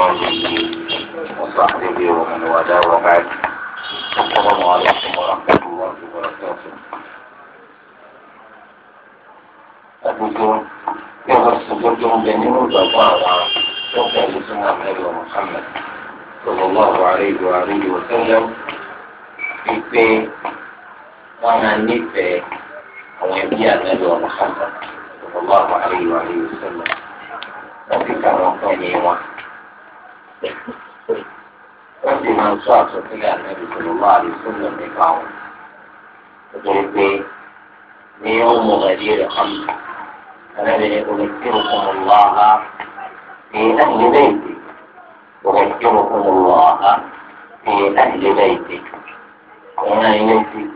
وآله وصحبه ومن والاه وبعد السلام عليكم ورحمة الله وبركاته Àdúgbò bí wọ́n ti gbọ́dọ̀ ń bẹ nínú ìgbàgbọ́ àwọn tó tẹ̀lé sínú àmẹ́rì wa Muhammad sallallahu alayhi wa alihi wa sallam wípé wọ́n máa nífẹ̀ẹ́ àwọn ẹbí wa Muhammad sallallahu alayhi wa alihi wa sallam wọ́n fi kà wọ́n pẹ́ wọ́n sì máa ń sọ àsọtẹ́lẹ̀ ànábì sọ̀rọ̀ wá àdìsúnlẹ̀ nípa wọn. nítorí pé ní ó mú ẹ̀dí rẹ̀ kọ́mù ànábì ní omi tí ó kún un lọ́ ha ní ẹ̀yìn lẹ́yìn omi tí ó kún un lọ́ ha ní ẹ̀yìn lẹ́yìn àwọn ẹ̀yìn lẹ́yìn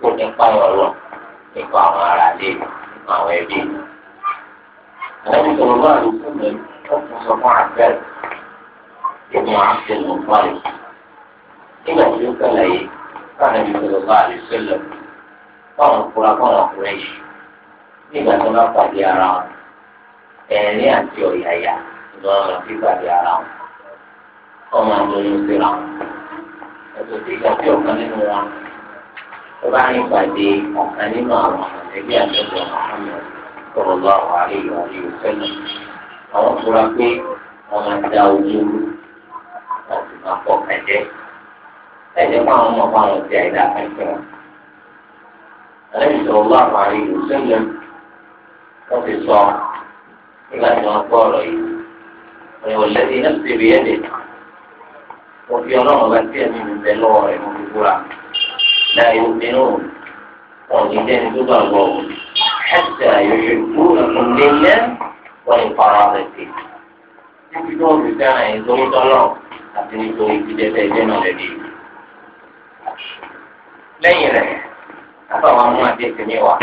tó nípa ọ̀rọ̀ nípa àwọn ará àwọn ẹbí. ànábì sọ̀rọ̀ wá àdìsúnlẹ̀ nípa ó tún sọ fún abẹ́rẹ́ ìmú àfẹnù pọ́lì nígbà tí ó kẹlẹ̀ yìí káàdé mi sọ̀rọ̀ bá àlùsọ̀lọ̀ báwọn kura báwọn kura yìí nígbà tí wọ́n bá pàdé ara wọn ẹ̀rín àti ọ̀yàyà ni wọ́n lọ sí pàdé ara wọn ọmọ àdóyún síra wọn ẹ̀sùn tí ìgbà tí ọ̀kan nínú wọn ọba ní pàdé ọ̀kan nínú àwọn ẹgbẹ́ àtẹ̀wọ̀ àmọ́ sọ̀rọ̀ bá wà sẹ́lẹ̀ àwọn tura pé wọn máa da ojú wọn sì máa kọ kẹjẹ ẹjẹ fún àwọn ọmọ fún àwọn ti àìdá kẹjẹ wọn. alẹ́bí sọ̀rọ̀ bá àpárí ìlú sílẹ̀ wọ́n ti sọ nígbà tí wọ́n gbọ́ ọ̀rọ̀ yìí wọ́n yóò lẹ́sìn náà ti rí ẹ̀dẹ̀ wọ́n fi ọlọ́run bá tí ẹ̀mí mi bẹ lọ́wọ́ rẹ̀ mo fi náà yóò fi nù wọn ní jẹ́ni tó gbàgbọ́ ẹ̀sẹ̀ àyọ̀ṣe kúrò nílẹ̀ wọ́n ń fara rẹ̀tẹ̀. Níbi tó ń fi fẹ́ràn yìí tó ń tọ́lọ̀ àti nítorí ìdẹ́tẹ̀ ẹgbẹ́ náà lẹ́bi. Lẹ́yìn rẹ̀, àbáwọn mú àdéhùn mi wá.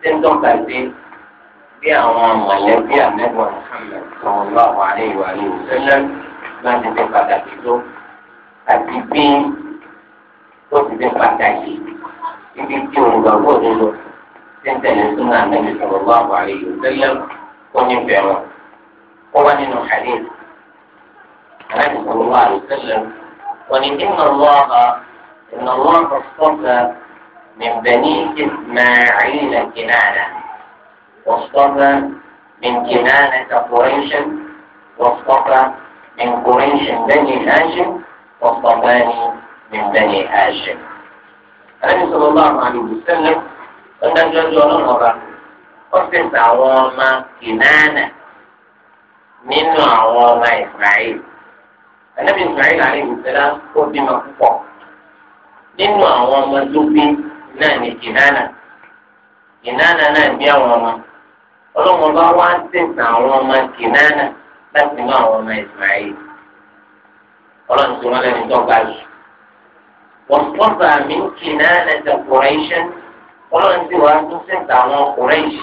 Ṣé ń tọ́ka sí bí àwọn mọ̀lẹ́bí àmẹ́wọ̀n sọ̀rọ̀ lọ́wọ́ àlẹ́ ìwà rẹ̀ òṣèlú láti fi pàtàkì tó àti bí ó ti fi pàtàkì ibi tí òun gbàgbọ́ òdodo ṣe ń tẹ̀lé súnmọ́ àmẹ́wọ̀n sọ̀rọ̀ lọ́wọ́ àlẹ́ ìwà onífẹ̀ẹ́ wọn ó الله nínú hadith aláàbí sọlọ́wọ́ àlùsẹ́lẹ̀ wọn ni iná lọ́ọ̀bà من بني إسماعيل كنانة واصطفى من كنانة قريش واصطفى من قريش بني هاشم واصطفاني من بني هاشم. النبي صلى الله عليه وسلم أن جاء جلال ọ́fíìsì àwọn ọmọ kìnnánà nínú àwọn ọmọ Israẹli ẹlẹ́bi Israẹli àríwísẹ́lá ó bímọ púpọ̀ nínú àwọn ọmọ tó bí náà ní kìnnánà kìnnánà náà bí àwọn ọmọ ọlọ́mọ bá wá ń àwọn ọmọ kìnnánà láti mú àwọn ọmọ Israẹli ọlọ́run tó wọn lẹ́nu tó ga jù tọ́ba mi kìnnánà tí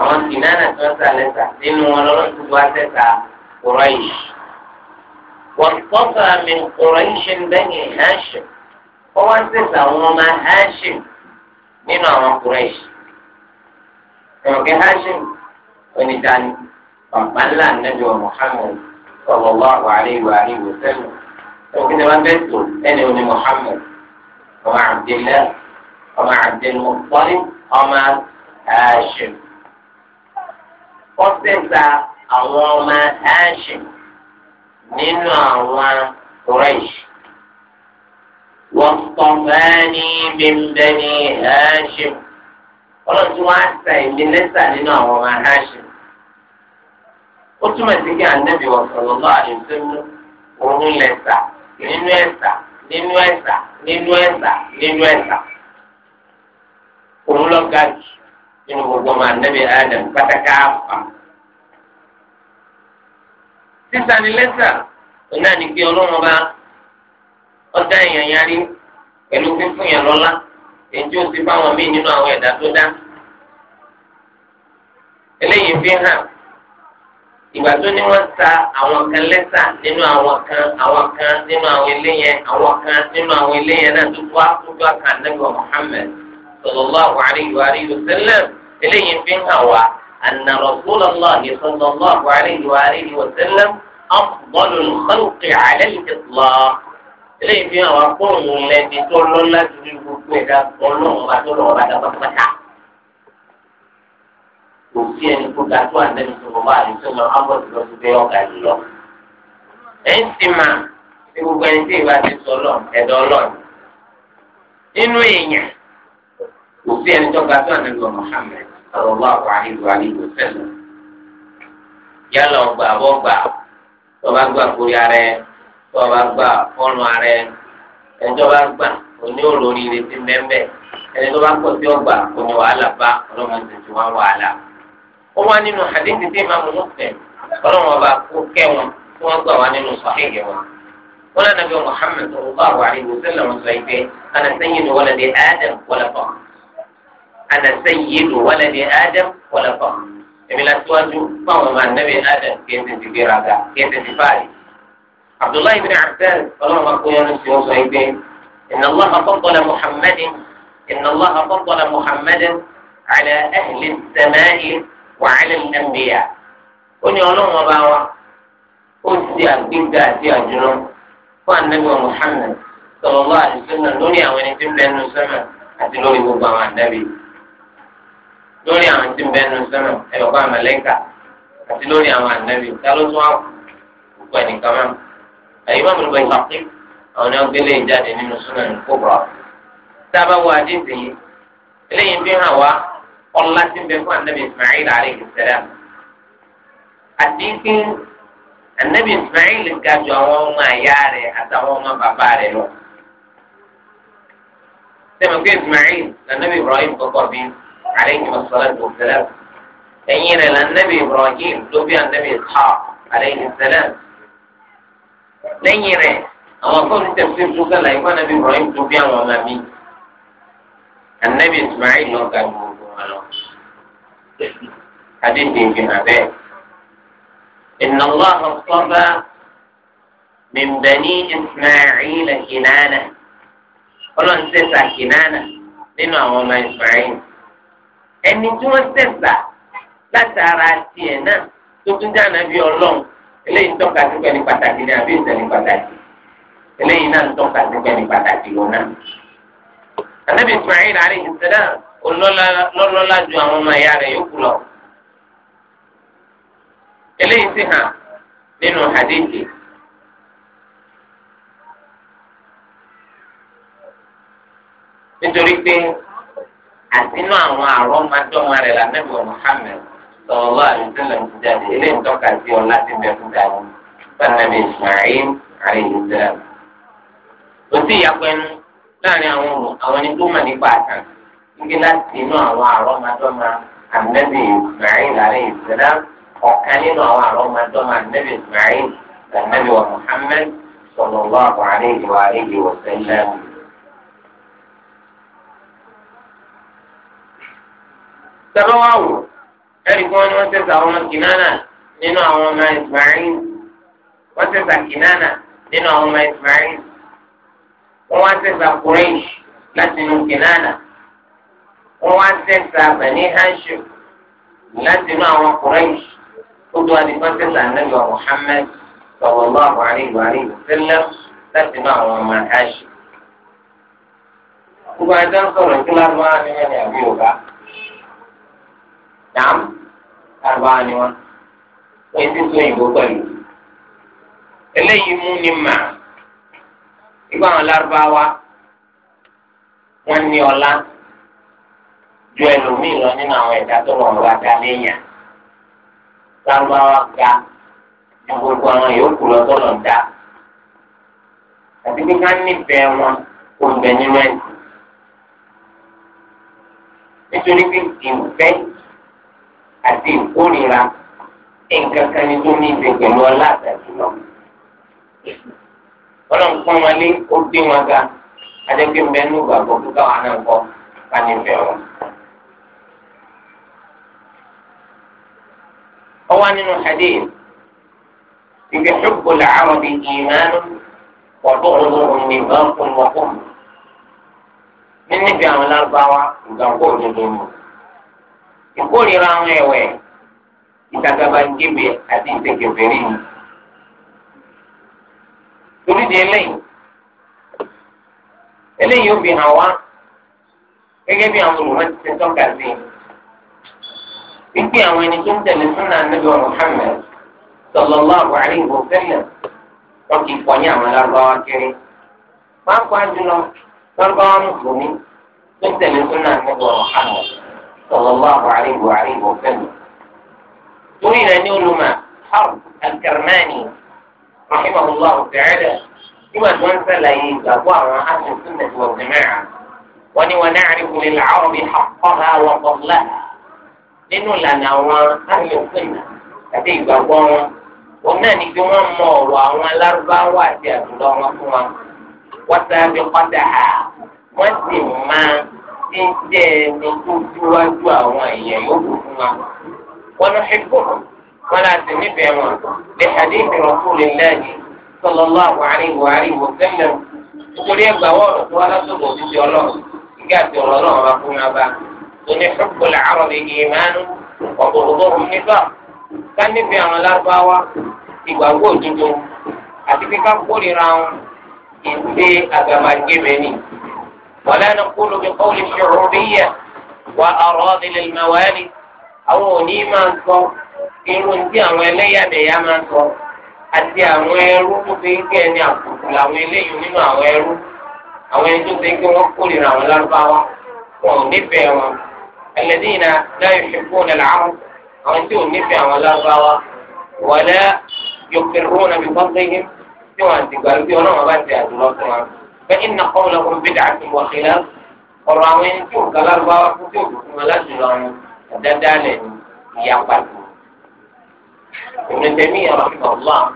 àwọn kìnnìànà tí wọ́n sá lẹ́sà nínú wọn lọ́wọ́ tó wá sẹ́sà Quraysh. wọ́n tọ́ka min Quraysh bani Hashim kọ́ wá sẹ́sà àwọn ọmọ Hashim nínú àwọn Quraysh. ẹ̀rọ̀kẹ́ Hashim onídàáni bàbá ńlá nàbí wa Muhammad sallallahu alayhi wa alihi wa sallam. ẹ̀rọ̀kẹ́ ni wọ́n bẹ́ẹ̀ tó ẹni oní Muhammad ọmọ Abdillah ọmọ Abdul kọ́sẹ́sà àwọn ọmọ Hashim nínú àwọn Quraysh. واصطفاني من بني هاشم ọlọ́run tí wọ́n á sa èmi nínú àwọn ọmọ aráàṣẹ. ó túmọ̀ sí kí ànábì wọ̀ lẹ́sà nínú ẹ̀sà nínú ẹ̀sà nínú gbogbo ma anabi adam pátákà fà. sísani lẹ́sà ọ̀nà ni pé ọlọ́run bá ọ̀dà èèyàn yarí pẹ̀lú fífún yẹn lọ́lá èjì ó ti fáwọn míì nínú àwọn ẹ̀dá tó dá. eléyìí fi hàn ìgbà tó ní ta àwọn kan nínú àwọn kan àwọn kan nínú àwọn àwọn kan nínú àwọn náà tó sallallahu alayhi wa alihi wa sallam eléyìí fi ń hàn wá anna rasulallahi sallallahu alayhi wa alihi wa sallam afdalul khalqi ala al-itlaq eléyìí fi hàn wá fóònù lẹ́ni tó lọ́lá ju gbogbo ẹ̀dá ọlọ́run bá tó lọ́wọ́ bá dá pátápátá kò sí ẹni kó ga tó ànábi tó lọ́wọ́ àdìsọ́nà ábọ̀dì lọ sí bẹ́ẹ̀ ọ̀gá jùlọ. ẹ̀ ń sì mà ní gbogbo ẹni tí ìbá ti sọ lọ ẹ̀dọ̀ ọlọ́run. nínú èèyàn kò sí ẹni tó ga tó ànágbà Muhammad sallallahu alaihi wa alihi wa sallam yálà ọgbà àbọ̀gbà tọba gbà kórí ara ẹ tọba gbà ọrùn ara ẹ ẹni tó bá gbà òní òròrí retí mẹ́mẹ́ ẹni tó bá pọ̀ sí ọgbà òní wàhálà bá ọlọ́run ti ti wá wàhálà. ó wá nínú hadithi tí ìmáàmù Muslim ọlọ́run ọba kó kẹ́ wọn tí wọ́n gbà wá nínú sàkéyè wọn. wọn lànà bí Muhammad sallallahu alaihi wa sallam sọ ìgbẹ́ ànàsẹ́yìn ana sayyidu waladi adam wala fam èmi la tiwájú fáwọn ọmọ anabi adam kí n ti ti gbéra ga kí n ti ti báyìí. abdullahi bin abdul ọlọ́run akó yẹn ló ti wọ́n sọ ẹgbẹ́ inna allaha faddala muhammadin inna allaha faddala muhammadin ala ahli samai wa ala al-anbiya. ó ní ọlọ́run ọba wa ó ti àgbéga àti àjùlọ fún anabi wa muhammad sallallahu alaihi wasallam lórí àwọn ẹni tí ń bẹ nínú sẹ́mẹ̀ àti lórí gbogbo anabi lórí àwọn tí ń bẹ nu sọnà ẹyọ kọ àmàlẹ́ńkà àti lórí àwọn ànábì ta ló tún wá púpọ̀ nìkan mọ́ àyè má múlò bẹ́ẹ̀ kàkí àwọn ni wọ́n gbé lẹ́yìn jáde nínú sọnà kóbọ̀ tá a bá wọ àdéhùn yìí eléyìí fi hàn wá ọlá tí ń bẹ fún ànábì Ismail alayhi salam àti kí ànábì Ismail ga ju àwọn ọmọ àyá rẹ̀ àtàwọn ọmọ bàbá rẹ̀ lọ sẹ́mi pé Ismail lànàbì aleyhi wa salatu wa salam ẹ̀yìn rẹ̀ la nẹ́bí ibrahim tó bí anabi ishaq aleyhi salam lẹ́yìn rẹ̀ àwọn akọ́ni tẹ̀síwò tó kẹ́lá ìfọ̀ anabi ibrahim tó bí àwọn ọmọ mi anabi ismail lọ ga gbogbo wọn lọ adéǹdè fi hàn bẹ́ẹ̀ inna allah ọ̀sọ́ba min bani ismail kìnnánà ọlọ́run tẹ̀sà kìnnánà nínú àwọn ọmọ ismail ẹni tí wọ́n sẹ̀sà látara tiẹ̀ náà tó tún jẹ́ ànábì ọlọ́run eléyìí ń tọ́ka sí pẹ́ni pàtàkì ní àbí ìsẹ̀ni pàtàkì eléyìí náà ń tọ́ka sí pẹ́ni pàtàkì lọ́nà. ànábì Ismail alayhi salam olólọ́lá ju àwọn ọmọ ìyá rẹ̀ yòókù lọ. eléyìí sì hàn nínú hadithi. nítorí pé àti inú àwọn àrọ́ máa dọ́mọ la nẹ́bí Muhammad sallallahu alaihi wasallam ti jáde eléyìí tọ́ka sí ọ láti bẹ̀ fún dàrú sanabi Ismail alaihi salam. kò sí ìyàpọ̀ ẹnu láàrin àwọn àwọn ẹni tó mọ̀ nípa àtàn níbi láti inú àwọn àrọ́ máa dọ́mọ ànẹ́bí Ismail alaihi salam ọ̀kan nínú àwọn àrọ́ máa dọ́mọ ànẹ́bí Ismail ànẹ́bí Muhammad sallallahu alaihi wa alihi wa sallam. sábà wà wò ẹnì kan ni wọ́n tẹ̀sà ọmọ kìnnánà nínú àwọn ọmọ ìsmáìl wọ́n tẹ̀sà kìnnánà nínú àwọn ọmọ ìsmáìl wọ́n wá tẹ̀sà kùrẹ́ṣ láti inú kìnnánà wọ́n wá tẹ̀sà bẹ̀ní hánṣẹ́ láti inú àwọn kùrẹ́ṣ ó tó adìgbọ́n tẹ̀sà nàbẹ̀ Muhammad sallallahu nàám lárúbáwá ni wọn wọn ti tún òyìnbó pẹ̀lú eléyìí mú ni mà ìgbà wọn lárúbáwá wọn ní ọlá ju ẹlòmíì lọ nínú àwọn ẹ̀dá tó lọ wá dá léèyàn lárúbáwá ga ju gbogbo àwọn yòókù lọ tó lọ dá àti pé ká nífẹ̀ẹ́ wọn kò bẹ̀ nínú ẹ̀sìn nítorí pé ìfẹ́ àti ìkórìíra nǹkan kan ní tó ní ìṣe pẹ̀lú ọlá àtàkì lọ. ọlọ́run pọ́n wọn lé ó gbé wọn ga adẹ́gbẹ́ ń bẹ ní ìgbàgbọ́ tó káwọn náà kọ́ ká ní ìfẹ́ wọn. ọwọ́ nínú hadith ibi xubbu làwọn di ìmánu wàdó ọlọ́run ní bá ń kún wọ́n kún. nínú ìgbà àwọn lárúbáwá ìgbà kó mọ̀. ìkórìíra àwọn ẹ̀wẹ̀ ìdàgbàgbàgbébè àti ìsèkèbèrè yìí. torí di eléyìí eléyìí ó fi hàn wá gẹ́gẹ́ bí àwọn olùmọ̀ ti ṣe tọ́ka sí wípé àwọn ẹni tó ń tẹ̀lé súnà níbi ọ̀rọ̀ Muhammad sallallahu alaihi wa sallam kì í pọ̀ ní àwọn lárúbáwá kiri á àjùlọ tó ń tẹ̀lé súnà sallallahu alaihi wa alihi wa sallam. torí rẹ̀ ní olùmọ̀ Harb al-Karmani rahimahullah ta'ala nígbà tí wọ́n ń sàlàyé ìgbàgbọ́ àwọn aṣòfin nàìjíríà wal jama'a wọ́n ní wọn náà rí kulè làárọ̀ bí haqqaha wa fadlaha nínú ìlànà àwọn aṣòfin àti ìgbàgbọ́ wọn òun náà ní pé wọ́n mọ ọ̀rọ̀ àwọn alárúbáwá àti àdúrà wọn fún wa wọ́n sábẹ́ pátá wọ́n sì máa ti ń jẹ́ ẹni tó dúwájú àwọn èèyàn yòókù fún wa. wọn lọ ṣe kúrò wọn láti wọn lè hadithi Rasulillah sallallahu alaihi wa alihi wa sallam nítorí ẹgbà wọ́ọ̀rọ̀ wá lọ́sọ̀gbọ̀ ìgbà ọ̀rọ̀ náà wà fún wa bá ṣùkú lè yé mánú àwọn ولا نقول بقول الشعوبية وأراذل الموالي أو نيمان صو irun tí àwọn ẹlẹ́yàmẹ̀yà máa ń sọ àti àwọn ẹrú tó fi ń kí ẹni àkùkù làwọn eléyìí nínú àwọn ẹrú àwọn ẹni tó fi ń kí wọ́n kórìíra àwọn lárúbáwá wọn ò nífẹ̀ẹ́ wọn ẹlẹ́dínà láyé ṣubú nílà áwọn àwọn tí ò nífẹ̀ẹ́ àwọn lárúbáwá wọlé yòókè rúnà bí wọ́n gbé yín tí wọ́n àti gbàlú bí ọlọ́run bá ti àdúrà fún wa. فإن قولهم بدعة وخلاف قرآن كم قلال وكتب ولا جلان ددال يقبل ابن تيمية رحمه الله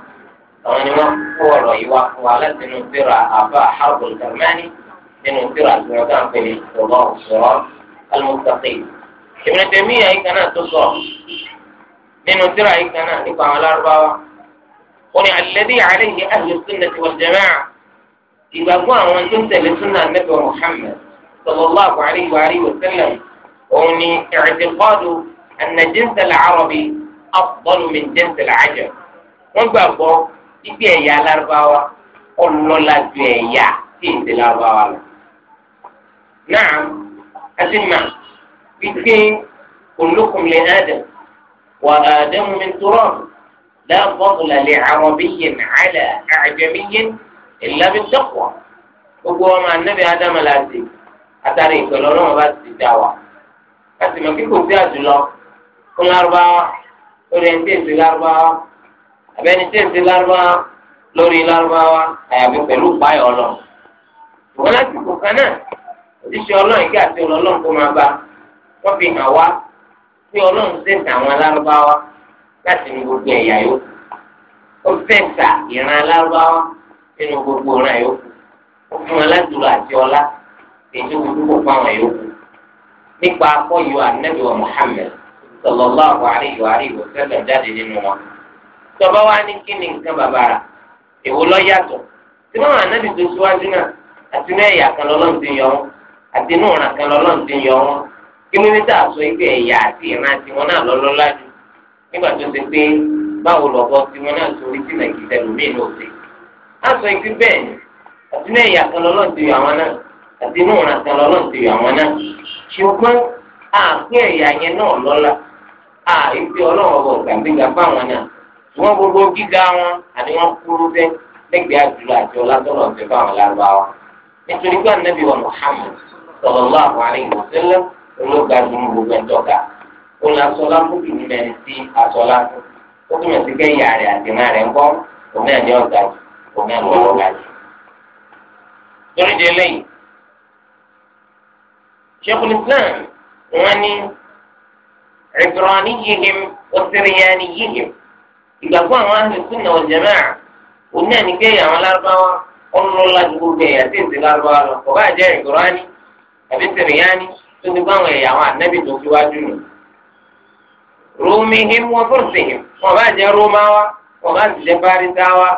أنا ما هو رأيه ولا تنفر أبا حرب الكرماني تنفر الزمان في الله الصراط المستقيم ابن تيمية كان تصور من ترى إن أنا نقع على أربعة قل الذي عليه أهل السنة والجماعة ìgbàgbọ́ àwọn tó ń tẹ̀lé súnà nẹ́bẹ̀ Muhammad sallallahu alayhi wa alihi wa sallam òun ni i'tiqadu anna jinsa al-arabi afdalu min jinsi al-ajam wọ́n gbàgbọ́ ibi ẹ̀yà alárúbáwá ọlọ́lá ju ẹ̀yà tí ì tẹ̀lé alárúbáwá lọ. náà asima wípé olókun lè nàdẹ wa Adamu min turab la fadla li arabiyyin ala a'jamiyyin. illa bi taqwa gbogbo ọmọ anabi adama la ti atari ìpẹlẹ Ọlọ́run bá ti dá wa láti mọ kíkò sí àjùlọ fún lárúbáwá lórí ẹni tí èsì lárúbáwá abẹni tí èsì lárúbáwá lórí lárúbáwá àyàfi pẹ̀lú báyọ ọlọ ìwọ láti kò kan náà òṣìṣẹ́ Ọlọ́run àti Ọlọ́run kò máa bá wọn fi hàn wá pé Ọlọ́run ṣèǹtà àwọn lárúbáwá láti ní gbogbo ẹ̀yà yòókù ó ṣèǹtà ìran lárúbáwá. nínú gbogbo ọ̀ràn yòókù ó fún wọn lẹ́tùrú àti ọlá èyí tó kúkú fáwọn yòókù nípa akọ́yọ anabi wa Muhammad sallallahu alayhi wa jáde nínú wọn wa ní kí ni nǹkan bàbàrà èwo lọ yàtọ̀ tí tó síwájú náà àti ẹ̀yà kan ti yọ wọn àti inú ọ̀ràn kan ti yọ wọn kí wọn sọ ibi ẹ̀yà àti ìran àti wọn náà nígbà tó ti wọn náà sọ orí tí á sọ ikú bẹ́ẹ̀ ni àti náà ìyá kan awọn ti yọ àwọn náà àti inú ìran kan ti yọ àwọn náà ṣùgbọ́n àpín ẹ̀yà yẹn náà lọ́la à ọlọ́run ọ̀bọ̀ gbàgbéga náà wọ́n gbogbo gíga wọn àti wọ́n kúrú bẹ́ lẹ́gbẹ̀ẹ́ àjùlọ àti lárúbáwá nítorí pé wa Muhammad gbogbo kò mẹ́rin ọwọ́ báyìí. torí di eléyìí Sheikhul Islam wọn ní ìdúránìyìhìm òsèrèyànìyìhìm ìgbàgbọ́ àwọn àhìsùn náà jẹ̀mẹ́ à òní àníkẹ́ àwọn lárúbáwá ọlọ́lá ju gbogbo ẹ̀yà tí èsì lárúbáwá lọ kò bá jẹ́ ìdúránì àbí sèrèyànì tó ti gbàwọn ẹ̀yà àwọn ànábì tó fi wájú nù. rúmihìm wọ́n fọ́ọ̀sì hìm wọ́n bá jẹ́ rómáwá wọ́n bá jẹ́ bárítáwá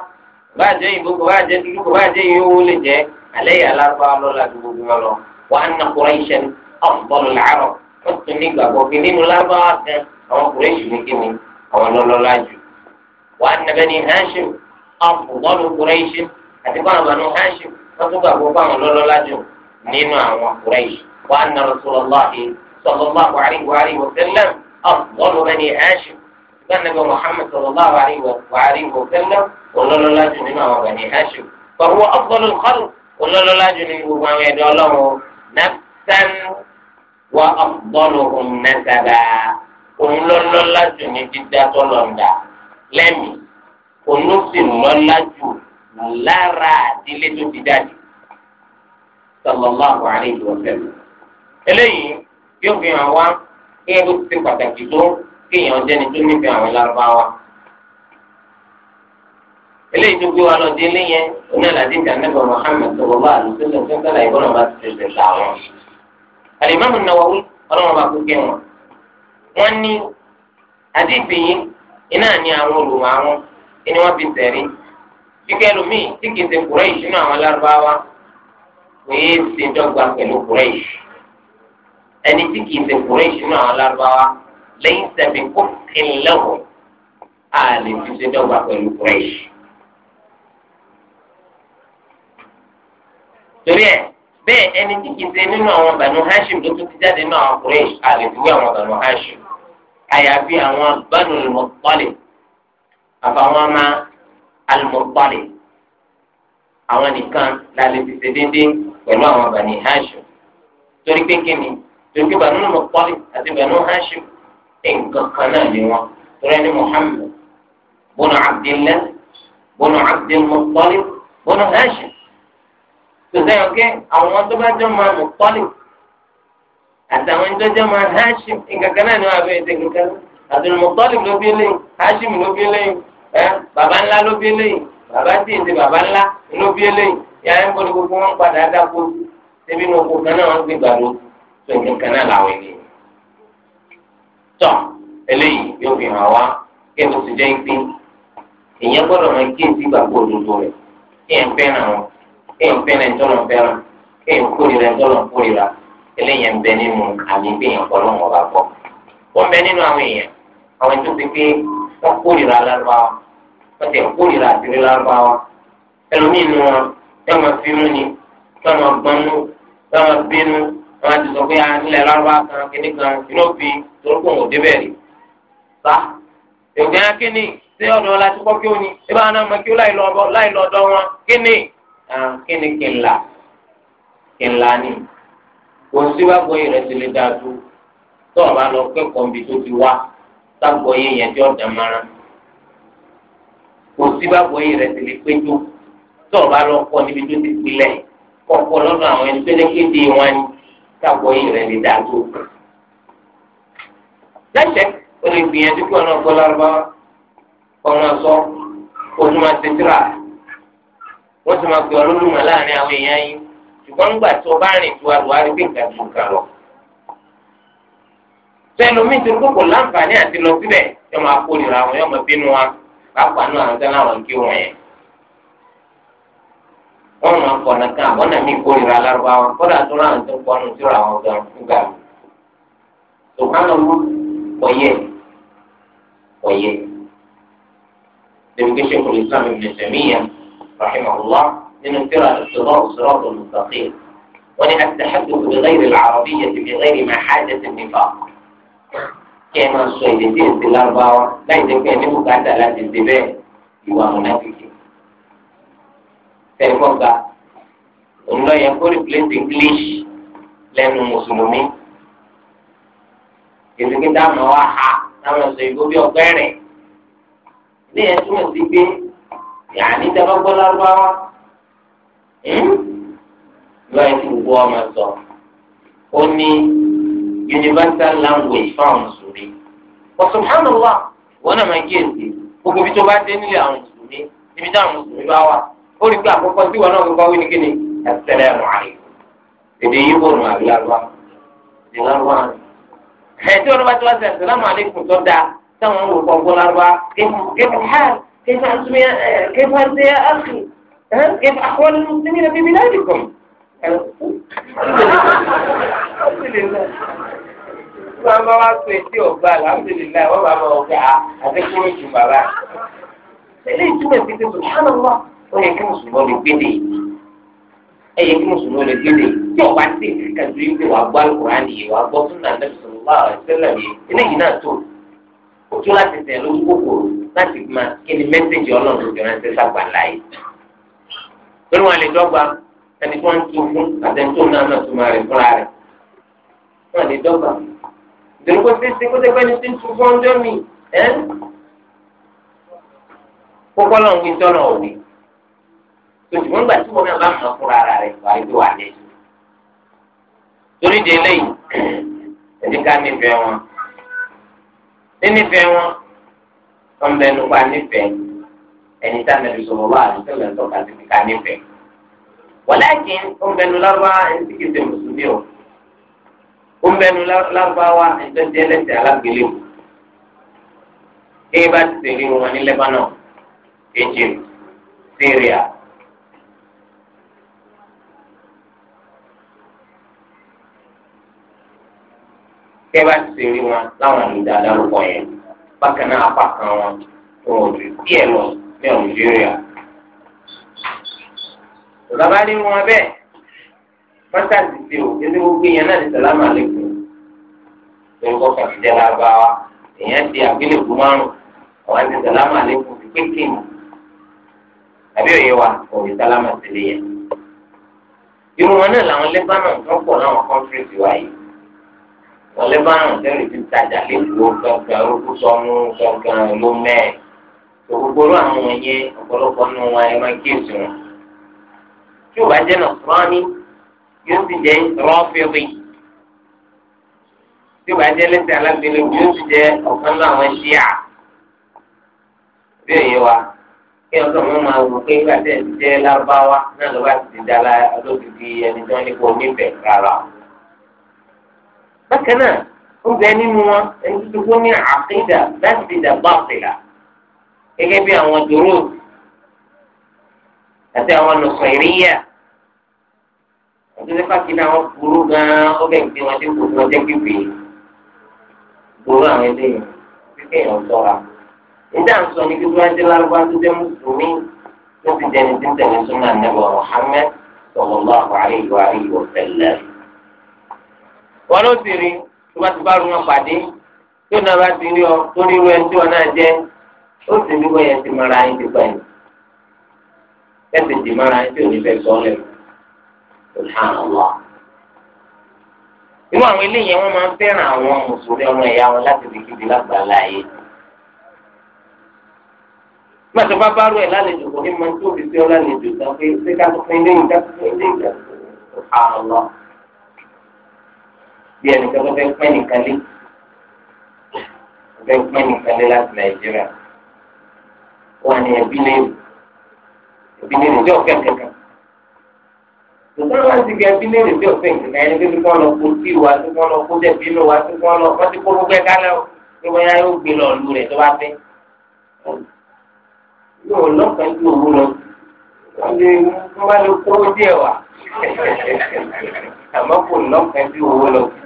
báà jẹ́ ìbò kò báà jẹ́ dúdú kò báà jẹ́ ìyówó lè jẹ́ alẹ́ yà lárúbáwá lọ́la gbogbo wọn lọ wà á nà kúrẹ́ iṣẹ́ ọ̀fọ̀lù làárọ̀ wọ́n tún ní gbàgbọ́ pé nínú lárúbáwá kan àwọn kúrẹ́ ìṣù ní kíni àwọn lọ́lọ́lá jù wà á nà bẹ́ni hánṣẹ́ ọ̀fọ̀lù kúrẹ́ iṣẹ́ àti báwọn bànú hánṣẹ́ wọ́n tún gbàgbọ́ àwọn jù nínú àwọn kúrẹ́ wà á nà lẹ́nàbẹ̀ muhammed sallallahu alayhi wa sallam olólọ́lá jù nínú àwọn bani hashim fọwọ́ afdalul khalq olólọ́lá jù nínú gbogbo àwọn ẹ̀dọ́ ọlọ́run nafsan wa afdaluhum nasaba òun lọ́lọ́lá jù ní dídá tọ́lọ̀ǹda lẹ́mìí òun sì lọ́lá jù lára àdílé tó ti dájú sallallahu alayhi wa sallam eléyìí yóò fi hàn wá kí ẹ bó ti ṣe pàtàkì tó kéèyàn jẹ́ni tó nífẹ̀ẹ́ àwọn lárúbáwá. eléyìí tó gbé wa lọ di ilé yẹn oní àlàdé ìjà nígbà Muhammad sallallahu alaihi wasallam tó ń sálà ìbọn ọba ti tẹsẹ̀ ta wọn. Al-Imam An-Nawawi ọlọ́run bá kókè wọn. wọ́n ní àdébì yìí iná ní àwọn olùwọ̀ àwọn ẹni wọ́n fi tẹ̀rí. kíkẹ́ lómii tí kì í ṣe Quraysh nínú àwọn lárúbáwá kò yé ṣe dọ́gba pẹ̀lú Quraysh. ẹni tí kì í ṣe Quraysh nínú àwọn lárúbáwá lẹ́yìn sẹ́mi kó ìlẹ́wọ̀ a lè fi ṣe dọ́gba pẹ̀lú kúrẹ́ṣì. torí ẹ bẹ́ẹ̀ ẹni tí kì í ṣe nínú àwọn bànú hashim tó tún ti jáde nínú àwọn kúrẹ́ṣì a lè fi wé àwọn bànú hashim àyàfi àwọn bànú al-Muttalib àfàwọn ọmọ al-Muttalib àwọn nìkan la lè fi ṣe déédéé pẹ̀lú àwọn bànú hashim torí pé kíni torí pé bànú al àti bànú hashim nǹkan kan náà ni wọn torí ẹni Muhammad bọ́nà Abdillah bọ́nà Abdul Muttalib bọ́nà Hashim tòṣe yàn kí àwọn tó bá jẹ́ máa Muttalib àtàwọn tó jẹ́ máa Hashim nǹkan kan náà ni wọn àbẹ̀ ètò nǹkan Abdul Muttalib ló bí lẹ́yìn Hashim ló bí lẹ́yìn ẹ bàbá ńlá ló bí lẹ́yìn bàbá tí ì ti bàbá ńlá ló bí lẹ́yìn yàrá ń bọ́ ní gbogbo wọn padà dáko tẹ́bí ní oko kan náà wọ́n gbé gbàdo tó nǹkan náà làwọn ènìyàn tọ́ eléyìí yóò fi hàn wá kí ẹ̀kọ́ ti jẹ́ ìpín èèyàn gbọ́dọ̀ máa kí èsì gbàgbọ́ òdodo rẹ̀ kí ẹ̀ ń fẹ́ràn wọn kí ẹ̀ ń fẹ́ràn ìtọ́nà fẹ́ràn kí ẹ̀ ń kórìíra ìtọ́nà kórìíra eléyìí ń bẹ nínú àmì ìgbéyàn kọ́ lọ́wọ́ bá kọ́ wọ́n bẹ nínú àwọn èèyàn àwọn tó fi pé wọ́n kórìíra lárúbáwá wọ́n ti kórìíra àtìrí lárúbáwá ẹlòmíì wọn ẹ máa fi mú ni ẹ máa gbọ́nú ẹ máa bínú wọn ti sọ pé a ah, nílẹ̀ lọ́wọ́ kan kíní kan inú fi torúkọ òde bẹ́ẹ̀ rí sá ìgbẹ́ kíní ṣé ọ̀dọ̀ la ti kọ́ kí ó ní ibà náà mọ kí ó láì lọ ọ̀dọ̀ wọn kíní kíní kí n là kí n là ní kò síwájú yìí rẹ̀ ti lè dáa tó tó o bá lọ kẹ́kọ̀ọ́ níbi tó ti wá sábọ̀ yìí yẹn tí ó dàn mara kò síwájú yìí rẹ̀ ti lè pé tó tó lọ kọ́ níbi tó ti pilẹ̀ kọ́kọ́ lọ́dọ̀ àwọn ẹni tó lé kéde wọn ni. káàpọ̀ yìí rẹ̀ lè dáa tó. lẹ́sẹ̀ o lè gbìyànjú pé ọ̀nà ọ̀gbọ́n lárúbáwá ọ̀nà sọ oṣù máa ti tíra wọ́n ti máa pè ọ́ láàrin àwọn èèyàn yìí ṣùgbọ́n nígbà tó bá rìn àlùwá rí pé tó kà lọ. láǹfààní àti lọ síbẹ̀ yọ máa wa pàápàá náà àwọn wọn máa kọ nìkan àwọn náà mi kórìíra lárúbáwá kódà tó ráhùn tó kọ́nu tí ra àwọn gan fúgà mi. tòkánà wú wọ̀nyẹ wọ̀nyẹ. دمجي شيخ الإسلام ابن تيمية رحمه الله من انترى الاقتضاء الصراط المستقيم وني التحدث بغير العربية بغير ما حاجة النفاق كما سويدتين في الأربعة لا يمكن أن يكون هذا لا تنتبه يوم منافقين ẹ̀kọ́ ga òun lọ yẹ kó english lẹ́nu mùsùlùmí kìsìkì dáhùn wa ha táwọn ọ̀sẹ̀ ìgbó bí ọgbẹ́rẹ̀ ilé yẹn túmọ̀ sí pé yàní dábàá gbọ́ lárúbáwá hmm? lọ yẹ kí gbogbo ọmọ sọ ó ní universal language fáwọn mùsùlùmí wàsùnmùhánùlá wọn náà máa kíyèsí gbogbo ibi tó bá dé nílé àwọn mùsùlùmí níbi táwọn mùsùlùmí bá wà. ó rí pé àkọ́kọ́ tí wọn náà kọ́kọ́ wí ní kíni assalamu alaykum èdè yìí bòrò àbí lálùwà èdè lálùwà ẹ̀ tí wọn bá ti wá sí assalamu alaykum tó dáa táwọn ń wò kọ́kọ́ lálùwà kéfù hàn kéfù àtúnyẹ kéfù àtúnyẹ àkì kéfù àkọ́wọ́lù mùsùlùmí nàbí mi láti kọ́ wọn bá wá pé tí ọgbà alhamdulilayi wọn bá bá ọgbà àdékùnrin jù bàbá. eléyìí túmọ̀ sí pé sùn hàn án wà. ó yẹ kí mùsùlùmí lè gbélé ẹ yẹ kí mùsùlùmí lè gbélé tí ọba ti kàdú yìí pé wàá gbọ́ alukur'an yìí wàá gbọ́ súnà nàbì sọlọ́wọ́ àṣẹlẹ̀ yìí eléyìí náà tó o tún láti tẹ̀ lórí kòkòrò láti máa kí ni mẹ́sẹ̀gì ọlọ́run tó jọra ṣe sàgbà láàyè lórí wọn lè dọ́gba ẹni tó ń tún fún àtẹnudó náà náà tó máa rìn fúnra rẹ̀ wọn lè dọ́gba ìdòwò kó tẹ́sí kó wí tọ́lọ̀ òwe ṣùgbọ́n gbà tí wọn náà bá mọ̀ fúnra ara rẹ̀ wà á gbé wà lé. torí de eléyìí ẹni ká nífẹ̀ẹ́ wọn nínífẹ̀ẹ́ wọn wọn bẹ nípa nífẹ̀ẹ́ ẹni tá nàbí sọ̀rọ̀ wá àdúgbò lẹ́nu tọ́ka sí ká nífẹ̀ẹ́. wọ́láàkì ń bẹnu lárúbáwá ẹni tí kì í ṣe mùsùlùmí o ń bẹnu lárúbáwá ẹni tó ń jẹ́ lẹ́sẹ̀ alágbélébù kí bá ti ṣe wọn ní Lebanon Egypt Syria. kẹ́ bá ti rí wọn láwọn àmì dáadáa ló kọ́ yẹn bákan náà apá kan wọn tó wọn ju díẹ̀ lọ ní Nàìjíríà. bàbá ní wọn bẹ́ẹ̀ mọ́tàdì tí o ṣe ní gbogbo èèyàn náà ní sàlámà lẹ́kọ̀ọ́ lórúkọ kàfíjẹ́ lágbáwá èèyàn ti àgbélébù márùn àwọn ti sàlámà lẹ́kọ̀ọ́ ti pékè mọ́ àbí òye wa òye sàlámà sílẹ̀ yẹn. irun wọn náà làwọn lẹ́bánà tó ń pọ̀ láwọn kọ́ńtírì tiwa yìí wọlé márùn tẹ́lẹ̀ ti tajà lẹ́kọ̀ọ́ kankan orúkú sọmú kankan ló mẹ́ẹ̀ ògbógbóró àwọn wọ̀nyẹ ọ̀pọ̀lọpọ̀ nù wọn ẹ máa kíyèsí wọn. tí ò bá jẹ́ nà fúnni yóò sì jẹ́ rọ́ọ̀fẹ́rì tí ò bá jẹ́ lẹ́sẹ̀ alágbèlè yóò sì jẹ́ ọ̀kan náà àwọn ṣíà bí òye wa kí ọkàn wọn máa wò pé gbàdé jẹ́ lárúbáwá náà ló bá ti di dára lóbi di ẹni tí wọ́n ní kó nífẹ̀ẹ́ rárá bákan náà ó bẹ nínú wọn ẹni tó tó ní àkídà láti fi dàgbà àpìlà gẹ́gẹ́ bí àwọn dòró àti àwọn nùsọ̀ ìrìyà àtúntò káàkiri àwọn burú gan-an ó bẹ̀ gbé wọn dé kó wọn jẹ́ pípé gbòòrò àwọn eléyìí pípé yẹn ń sọ́ra. ìdá ń sọ ní kí wọ́n dé lárúbá tó jẹ́ mùsùlùmí tó ti jẹ́ni tí ń tẹ̀lé súnmọ́ ànábọ̀ Muhammad sallallahu alaihi wa alihi wa wọn ló sì rí tó bá ti bá rún wọn pàdé tí ó náà bá ti rí ọ tó rí wọn tí wọn náà jẹ ó sì rí wọn yẹn ti mara yín ti pẹ́ ẹsẹ̀ ti mara yín tí ò ní fẹ́ sọ lẹ̀ subhanallah irú àwọn eléyìí wọn máa ń fẹ́ràn àwọn mùsùlùmí ọmọ ẹ̀yà wọn láti fi kíbi lágbàlá yìí mọ̀tò bá bá rú ẹ̀ lálejò kò ní mọ tó sí ọ lálejò sọ pé ṣé ká tó fún ilé ìjà tó fún ilé ìjà tó fún àlọ́ bí ẹnìkan tó fẹ́ pẹ́ nìkan lé fẹ́ pẹ́ nìkan lé láti nàìjíríà wọn ni ẹbí léwu ẹbí léwu tí ọ̀fẹ́ kankan tòtòrò wá sí ẹbí léwu tí ọ̀fẹ́ kankan ẹni pípẹ́ kọ́ lọ kó tí wa tí wọ́n lọ kó dẹ̀bí lọ wa tí wọ́n lọ wọ́n ti kó gbogbo ẹ̀ka lẹ́wọ̀ tí wọ́n yá yóò gbé lọ lù rẹ̀ tó bá fẹ́ yóò lọ́kàn ju òwú lọ wọ́n lè wọ́n bá lè kó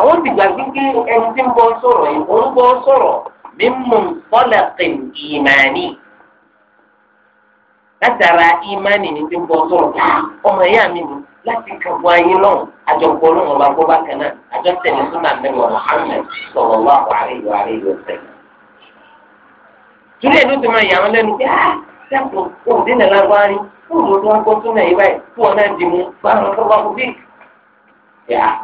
àwọn ti gbàgbé pé ẹni tí ń bọ́ sọ̀rọ̀ yìí òun bọ́ sọ̀rọ̀ ní mùsọ̀lẹ̀kìn látara ni tí ń sọ̀rọ̀ ọmọ ẹ̀yà mi ni láti kàwé ayé lọ́wọ́ àjọpọ̀ lọ́wọ́ ọba kó bá kan àjọ tẹ̀lé súnà mẹ́rin ọ̀rọ̀ sọ̀rọ̀ wà ti máa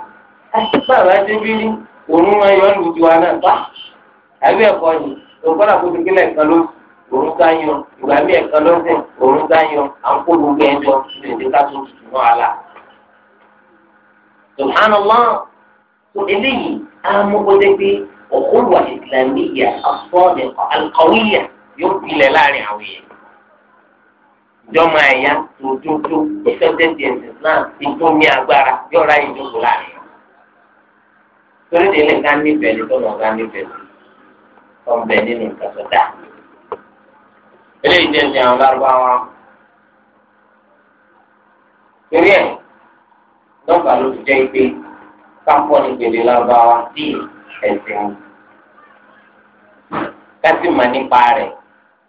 àti bàbá débí ní òun máa yọ lù ju aná bá àbí ẹ̀kọ́ ni òǹkọ́lá kó ti kílẹ̀ kan ló òun ká yọ ìgbà mí ẹ̀kan lọ́sẹ̀ òun ká yọ à ń kó gbogbo ẹjọ́ lèdè ká tó tutù mọ́ àlà. subhanallah tó eléyìí á mú pé òkúlùwà ìsìlámíyà asọ́ọ̀dẹ̀ alqawiyya yóò gbilẹ̀ láàrin àwọn èèyàn ìjọba ẹ̀yà tòótótó ìfẹ́ tẹ̀sí náà ìtòmí agbára yọ̀ọ̀rá ìjókòó láàrin torí ní ilé ká nífẹ̀ẹ́ ní tó náà ká nífẹ̀ẹ́ sí tó ń bẹ nínú nǹkan tó dáa. eléyìí jẹ́ ìṣe àwọn lárúbáwá torí ẹ̀ lọ́gbà ló ti jẹ́ pé kápọ́ ní gbèdé lárúbáwá sí ẹ̀sìn mi kásì mà nípa rẹ̀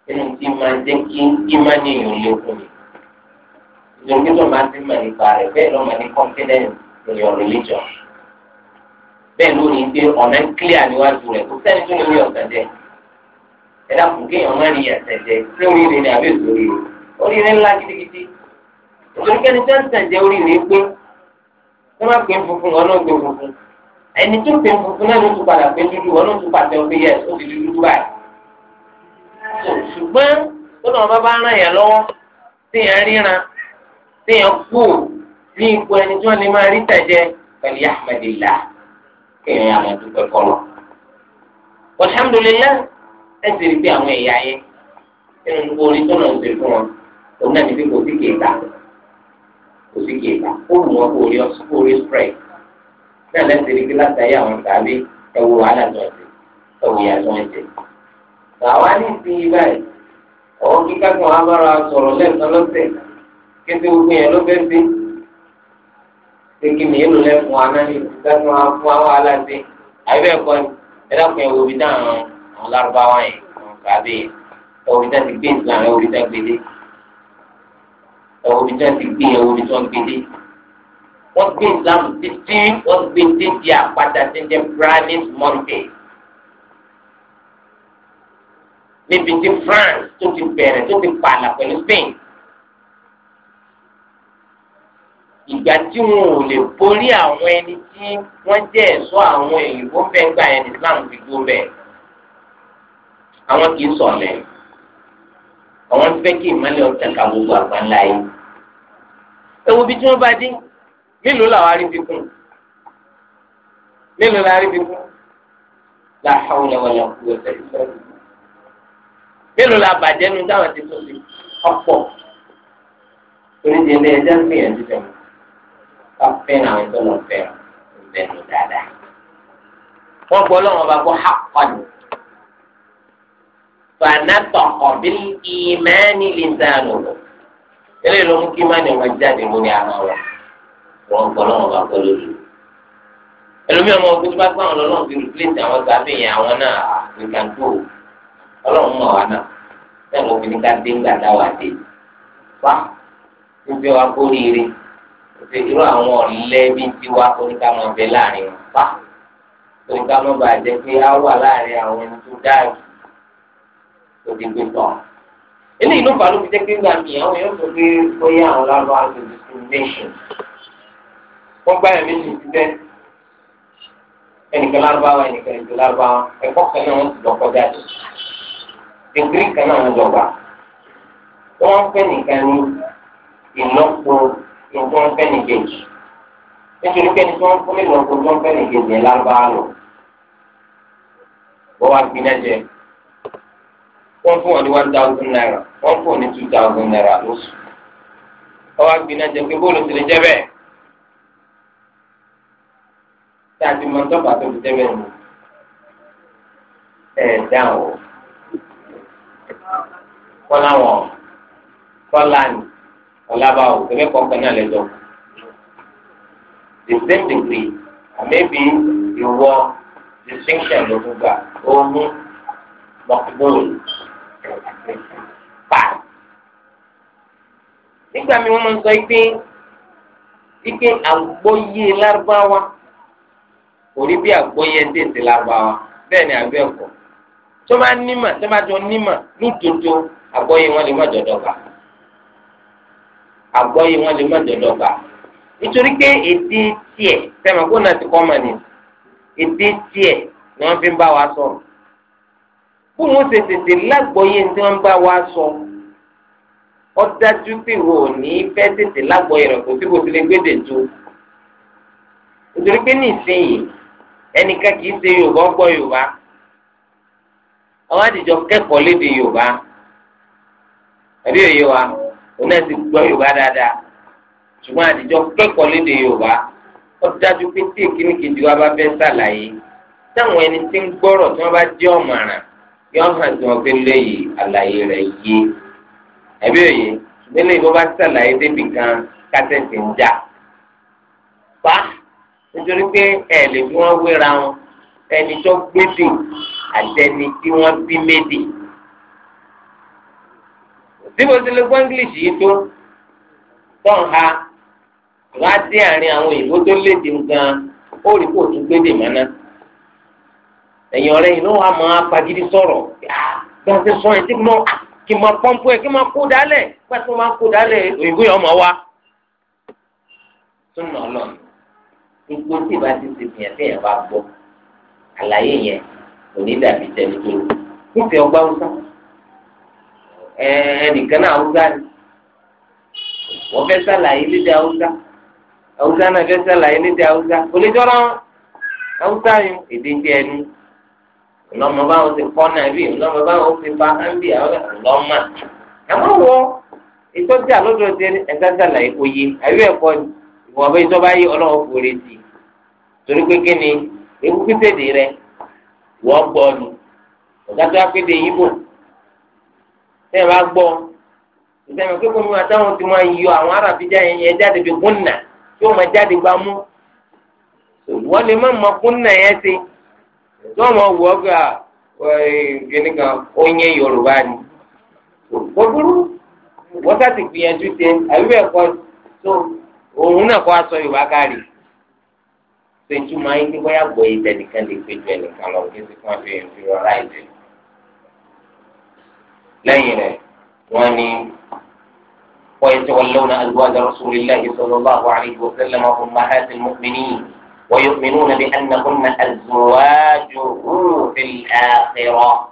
nínú tí máa ń jẹ́ kí ìmánì èèyàn lékún ni ìjọba tó máa ti mà nípa rẹ̀ bẹ́ẹ̀ lọ́mọ ní confidence in your religion bẹ́ẹ̀ ló ní pé ọ̀nà ń clear níwájú rẹ̀ kó sẹ́ni tó lè rí ọ̀sẹ̀ jẹ ẹ dákun kéèyàn má ní ẹsẹ̀ jẹ ṣé oríire ni àbí ìsòrí rẹ̀ oríire ńlá gidigidi nítorí kẹ́ni tó ń sàn jẹ oríire pé wọ́n má pè funfun wọn náà gbé funfun ẹni tó pè funfun náà ló tún padà pé dúdú wọn náà tún pàṣẹ pé yẹ ó ti di dúdú báyìí ṣùgbọ́n tó náà bá bá ràn yẹn lọ́wọ́ téèyàn ríran téèyàn kú ní ipò ẹni tí wọ́n lè máa rí tẹ̀jẹ pẹ̀lú ahmadillah kéèyàn yà máa dúpẹ́ kọ́lọ̀. alhamdulilayi ẹ ti rí pé àwọn ẹ̀yà yẹn nínú gbogbo orin tó náà ń ṣe fún wọn òun náà ti kò sí kéèta kò sí kéèta ó wù wọn kó orí ọsùn kó orí spray náà lẹ́sẹ̀ rí pé látàrí àwọn tàbí ẹ̀wù wàhálà tó ń ṣe ẹ̀wù yà tó ń ṣe. àwa ní ìsinyìí báyìí ọ̀ọ́ kíkà kan á bára sọ̀rọ̀ lẹ́ẹ̀kan lọ́sẹ̀ kété gbogbo yẹn ló fẹ́ sí sékì ní ìlú lẹ́fún wa náà ní láti máa fún wa wá láti àbẹ̀ ẹ̀kọ́ ni ẹ̀dá kan ẹ̀wò bí dáhùn àwọn lárúbáwá yẹn àwọn kàbí ẹ̀wò bí dáhùn ti gbé ìsìlám ẹ̀wò bí dáhùn gbélé ẹ̀wò ti gbé ẹ̀wò bí dáhùn gbélé gbé ìsìlám títí wọ́n gbé títí àpáta tí ń jẹ́ níbi tí France tó ti bẹ̀rẹ̀ tó ti pààlà pẹ̀lú Spain. ìgbà tí wọn ò lè borí àwọn ẹni tí wọ́n jẹ́ ẹ̀ṣọ́ àwọn òyìnbó ń bẹ́ ń gbà yẹn Islam fi dúró bẹ́ẹ̀ àwọn kì í sọ̀lẹ̀ àwọn fẹ́ kí ìmọ̀lẹ̀ ọ̀tẹ̀ ká gbogbo àgbáńlá yìí ewu bí tí wọ́n bá dín mélòó làwọn arí fi kún mélòó làwọn arí fi kún la hawla wala quwwata illa billah mélòó la bàjẹ́ nu táwọn ti tó sí onídìí ilé ẹjẹ́ ń gbìyànjú tẹ̀wọ̀n. ká fẹ́ràn àwọn ẹ̀tọ́ lọ dáadáa. ìmẹ́ni lè lọ. ló mú kí wọn jáde lórí ara wọn. wọ́n gbọ́ lórí. wọn kó tó bá gbọ́ àwọn ọlọ́run fi rìpléǹtì àwọn gbàgbéyìn àwọn náà nìkan tó ọlọ́run mọ̀ náà. ká dé dé. wá ṣe irú àwọn ọ̀lẹ́ bíi tiwa oníkàmọ́ bẹ láàrin pa oníkàmọ́ bá jẹ́ pé a wà láàrin àwọn ẹni tó dáa òdì gbé tán. eléyìí ló fà ló fi jẹ́ pé gbàmì àwọn èèyàn sọ pé bóyá àwọn lábọ́ àti discrimination wọ́n gbá ẹ̀mí ní ti bẹ́ẹ̀ ẹnìkan lárúbáwá ẹnìkan ètò lárúbáwá ẹ̀kọ́ kan náà wọ́n ti lọ kọjá jù ìgbírí kan náà wọ́n lọ gbà wọ́n fẹ́ nìkan ní ìlọ́pọ̀ kí n tó ń fẹ́ nìkejì nítorí pé ní tí wọ́n fún ìlú ọkọ̀ tó ń fẹ́ nìkejì ẹ̀ lárúbáwá lò wọ́n wá gbin náà jẹ wọ́n fún wọn ní one thousand naira wọ́n fún wọn ní two thousand naira lóṣù wọ́n wá gbin náà jẹ pé bóòlù ti lè jẹ́ bẹ́ẹ̀ tí a ti mọ tọ́pà tó fi jẹ́ bẹ́ẹ̀ ni ẹ̀ dáhùn kọ́láwọ̀n kọ́láni ọlábà ò kẹfẹ kọkàn náà lẹjọ the same degree you ìwọ distinction ló fún gbà ohun mọkúbọọlù pa nígbà mi wọn máa ń sọ pé ike àgbọ́yé lárúbáwá kò rí bí àgbọ́yé ẹdí èsì lárúbáwá bẹ́ẹ̀ ni àbẹ ẹ̀kọ́ tó bá nímọ̀ tó bá jọ nímọ̀ lódodo àgbọ́yé wọn lè má jọdọ kà àgbọ́yé wọn lè má dọ̀dọ̀ gbà nítorí pé èdè tiẹ̀ fẹ́mi kó náà ti kọ́ mọ̀ ní èdè tiẹ̀ ni fi ń bá wa sọ̀rọ̀ bó wọn ṣe tètè lágbọ́yé tí wọ́n wa sọ ọ dájú pé wò ní fẹ́ tètè lágbọ́yé rẹ̀ kò sí kò sí gbédè tó nítorí pé ní ìsinyìí ẹnìkan kì í ṣe Yorùbá Yorùbá àwọn àdìjọ kẹ́kọ̀ọ́ Yorùbá òun náà sì gbọ́ yorùbá dáadáa ṣùgbọ́n àtijọ́ kẹ́kọ̀ọ́ lédè yorùbá ó dájú pé tí èkíní kejì wa bá fẹ́ ṣàlàyé táwọn ẹni tí ń gbọ́rọ̀ tí wọ́n bá jẹ́ ọ̀mọ̀ràn yóò hàn sí wọn pé lẹ́yìn àlàyé rẹ̀ yé ẹ̀bí òye ṣùgbọ́n lẹ́yìn bó bá ṣàlàyé débì kan kásẹ̀sì ń já pa nítorí pé ẹ lè fi wọ́n wéra wọn ẹni tó gbẹ́dùn àtẹni tí wọ́n bí méjì síbò tí lè gbọ́ english yìí tó tán ha wá dé àárín àwọn òyìnbó tó léde gan ó rí kó tún gbé dè mọ́ná ẹ̀yìn ọ̀rẹ́ yìí ló wà máa pagídí sọ̀rọ̀ gbọ́n ti sọ ẹ̀ tí mo kì máa pọ́ńpù ẹ̀ kì máa kó dálẹ̀ pẹ́ tó máa kó dálẹ̀ òyìnbó yẹn ọmọ wa tún nà ọ́ lọ́nà gbogbo tí ìbá ti ti fìyàn fìyàn bá gbọ́ àlàyé yẹn kò dàbí tẹ̀lé tó nífẹ̀ẹ́ ọgbà ọ̀sán. ẹnìkan náà haúsá ni wọ́n fẹ́ sàlàyé lédè haúsá haúsá náà fẹ́ sàlàyé lédè haúsá onídọ́rọ́ haúsá yìí èdè ń ẹnu báwọn ti kọ́ náà bí báwọn ti fa áńbì àwọn lọ́mọ àmọ́ wọ ìtọ́jà lọ́dọ̀ tẹ ẹ̀ka sàlàyé kò àbí ẹ̀kọ́ ìwọ̀n bẹ́ẹ̀ tẹ́ ẹ bá gbọ́ ìsẹ̀mí ndị kòmí wọn táwọn ti máa yọ àwọn arábí yẹn jáde bí gúnnà tí wọ́n máa jáde gbá mú wọ́n lè má mọ gúnnà yẹn ti tí wọ́n máa wọ̀ ọ́ oyin Yorùbá ni kò burú wọ́n sá ti gbìyànjú tẹ àbí bẹ́ẹ̀ tó òun náà aṣọ Yorùbá kárì ṣètùmọ̀ ayé tí wọ́n yà gbọ́ yìí lè ẹnìkan lọ kí n ti fún àfihàn fi rọra ẹ̀jẹ̀. لين واني ويتولون أزواج رسول الله صلى الله عليه وسلم أمهات المؤمنين ويؤمنون بأنهن أزواجه في الآخرة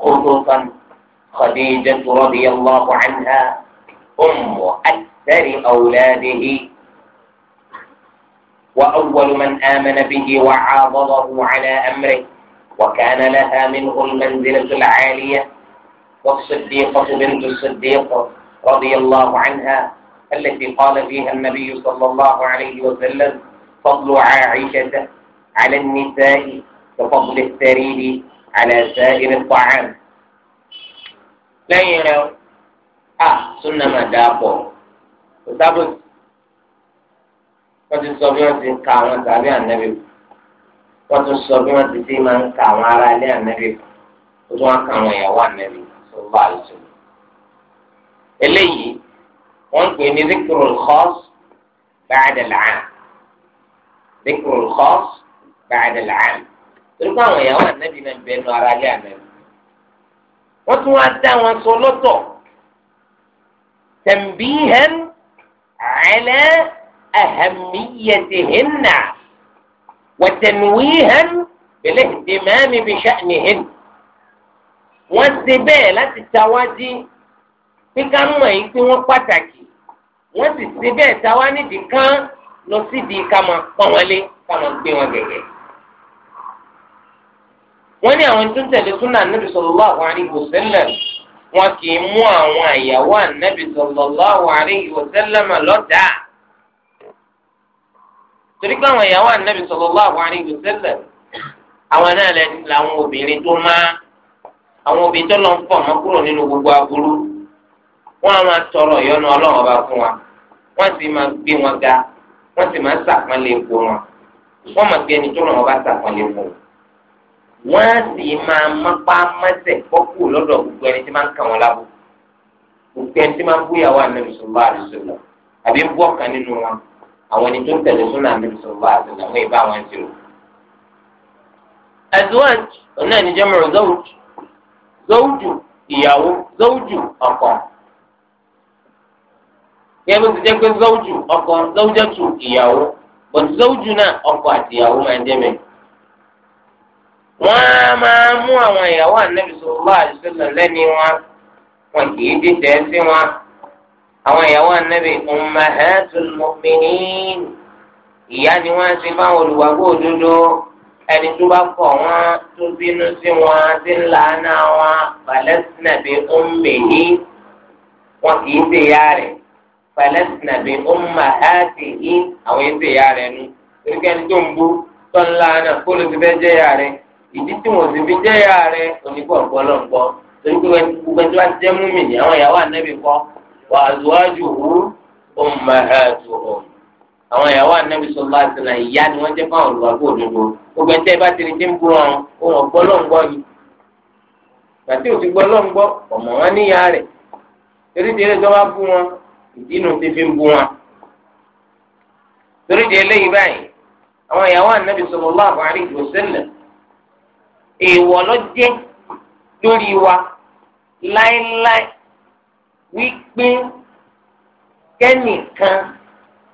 خصوصا خديجة رضي الله عنها أم أكثر أولاده وأول من آمن به وعاضده على أمره وكان لها منه المنزلة العالية والصديقة بنت الصديق رضي الله عنها التي قال فيها النبي صلى الله عليه وسلم فضل عائشة على النساء كفضل السرير على سائر الطعام لا يرى آه سنة ما دابو وتابو قد ti sọ bí wọ́n ti ka àwọn tàbí ànábì wọ́n ti sọ bí wọ́n ما ti máa الله عليه وسلم eléyìí wọ́n ń pè ní zikrul khas ba'da al-'am zikrul khas ba'da al-'am torí pé àwọn ìyàwó ànábì náà ń bẹ ẹnu ara lé ànábì wọ́n tún wá dá wọn sọ lọ́tọ̀ tanbihan 'ala ahammiyatihinna wa tanwihan bil-ihtimami bi sha'nihinna. wọ́n ṣe bẹ́ẹ̀ láti tawájí pé ká mọ̀ yín pé wọ́n pàtàkì wọ́n sì ṣe bẹ́ẹ̀ tawá nídìí kan lọ sídìí ká máa pọ́n wọn lé ká máa gbé wọn gẹ̀gẹ̀. wọ́n ní àwọn tó ń tẹ̀lé súnà ànábì sallallahu alaihi wasallam wọn kì í mú àwọn àyàwó ànábì sallallahu alaihi wasallam lọ́dàá torí pé àwọn ìyàwó ànábì sallallahu alaihi wasallam àwọn náà làwọn obìnrin tó máa àwọn òbí tó lọ ń fọ ọmọ kúrò nínú gbogbo aburú wọn a máa tọrọ ìyọ́nú Ọlọ́run ọba fún wa wọn sì máa gbé wọn ga wọn sì máa sàpọnlé epo wọn wọn máa gbé ẹni tó lọ wọn bá sàpọnlé epo wọn a sì máa mápá mẹsẹ kọkù lọ́dọ̀ gbogbo ẹni tí máa ń kà wọn lábò gbogbo ẹni tí máa ń búyàwó Ànábì sallallahu alaihi wasallam àbí ń bú ọkàn nínú wọn àwọn ẹni tó ń tẹ̀lé súnà Ànábì sallallahu alaihi wasallam wọn ì zọ́ọ̀jù ìyàwó zọ́ọ̀jù ọkọ. yẹ́n bó ti jẹ́ pé zọ́ọ̀jù ọkọ zọ́ọ̀jẹ̀tù ìyàwó bọ̀ zọ́ọ̀jù náà ọkọ àti ìyàwó máa ń jẹ́ wọ́n á máa mú àwọn ìyàwó ànábì sallallahu alaihi wasallam lẹ́ni wọn wọn kì í dìtẹ̀ sí wọn àwọn ìyàwó ànábì ummahatul mu'minin ìyá ni wọ́n á ti ẹni tó bá kọ̀ wọ́n tó bínú sí wọn tí ń lànà wọn palẹ́sìnà bí ó ń mèyí wọn kì í ṣe ya rẹ̀ palẹ́sìnà bí ó ń mà á ti yí àwọn èsè ya rẹ̀ nu torí ẹni tó ń bú tó ń lànà kó ló ti fẹ́ jẹ́ ya rẹ̀ ìdí tí wọ́n sì fi jẹ́ ya rẹ̀ onígbọ̀ gbọ́lọ́gbọ́ torí pé gbogbo ẹni tó bá jẹ́ múmi ni àwọn ìyàwó ànábì kọ́ wàá zuwájú hu ó mà á tu òun àwọn ìyàwó anabi sọlá àtìlá ìyá ni wọ́n jẹ́ fáwọn olùwàgbọ́ òdodo gbogbo ẹ̀ńtẹ́ bá ti ní tí ń bú wọn òun ọ̀gbọ́ ló ń gbọ́ yìí gbàtí òsì gbọ́ ló ń gbọ́ ọ̀mọ̀ wọn níyà rẹ̀ torí ti eléjọ́ bá bú wọn ìdínú ti fi ń bú wọn torí ti eléyìí báyìí àwọn ìyàwó anabi sọlá àbárí ìgbòsẹ́lẹ̀ èèwọ̀ ló jẹ́ lórí wa láéláé wípé kẹ́nìkan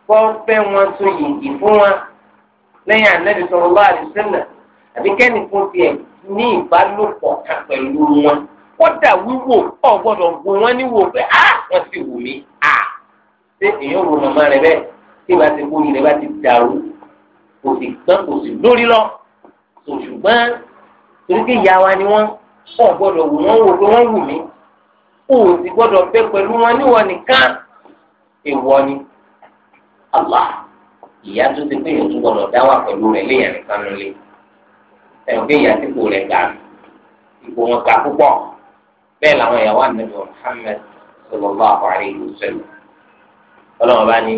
fọ́fẹ́ wọn tún yìngì fún wọn lẹ́yìn ànábì sallallahu alaihi wasallam àbí kẹ́ni kó tiẹ̀ ní ìbálòpọ̀ kan pẹ̀lú wọn kódà wíwò ọ̀ gbọ́dọ̀ gbò wọ́n níwò pé á ah, wọ́n ti wù mí á ṣé èèyàn wo màmá rẹ bẹ́ẹ̀ tí ìbá ti kó ilẹ̀ bá ti dàrú kò sì gbọ́n kò sì lórí lọ ṣùgbọ́n torí pé ìyá wa ni wọ́n ọ̀ gbọ́dọ̀ wù wọ́n wò pé wọ́n wù mí o ò sì gbọ́dọ̀ fẹ́ pẹ̀lú wọn níwọ̀ nìkan èèwọ̀ ni. Allah ìyá tó ti pé yòó tún gbọdọ̀ dá wà pẹ̀lú rẹ̀ léyàn nìkan lólè ẹ̀rùn pé ìyá tí kò rẹ̀ ga ipò wọn ga púpọ̀ bẹ́ẹ̀ làwọn ìyàwó ànábì Muhammad sallallahu alayhi wa sallam ọlọ́run bá ní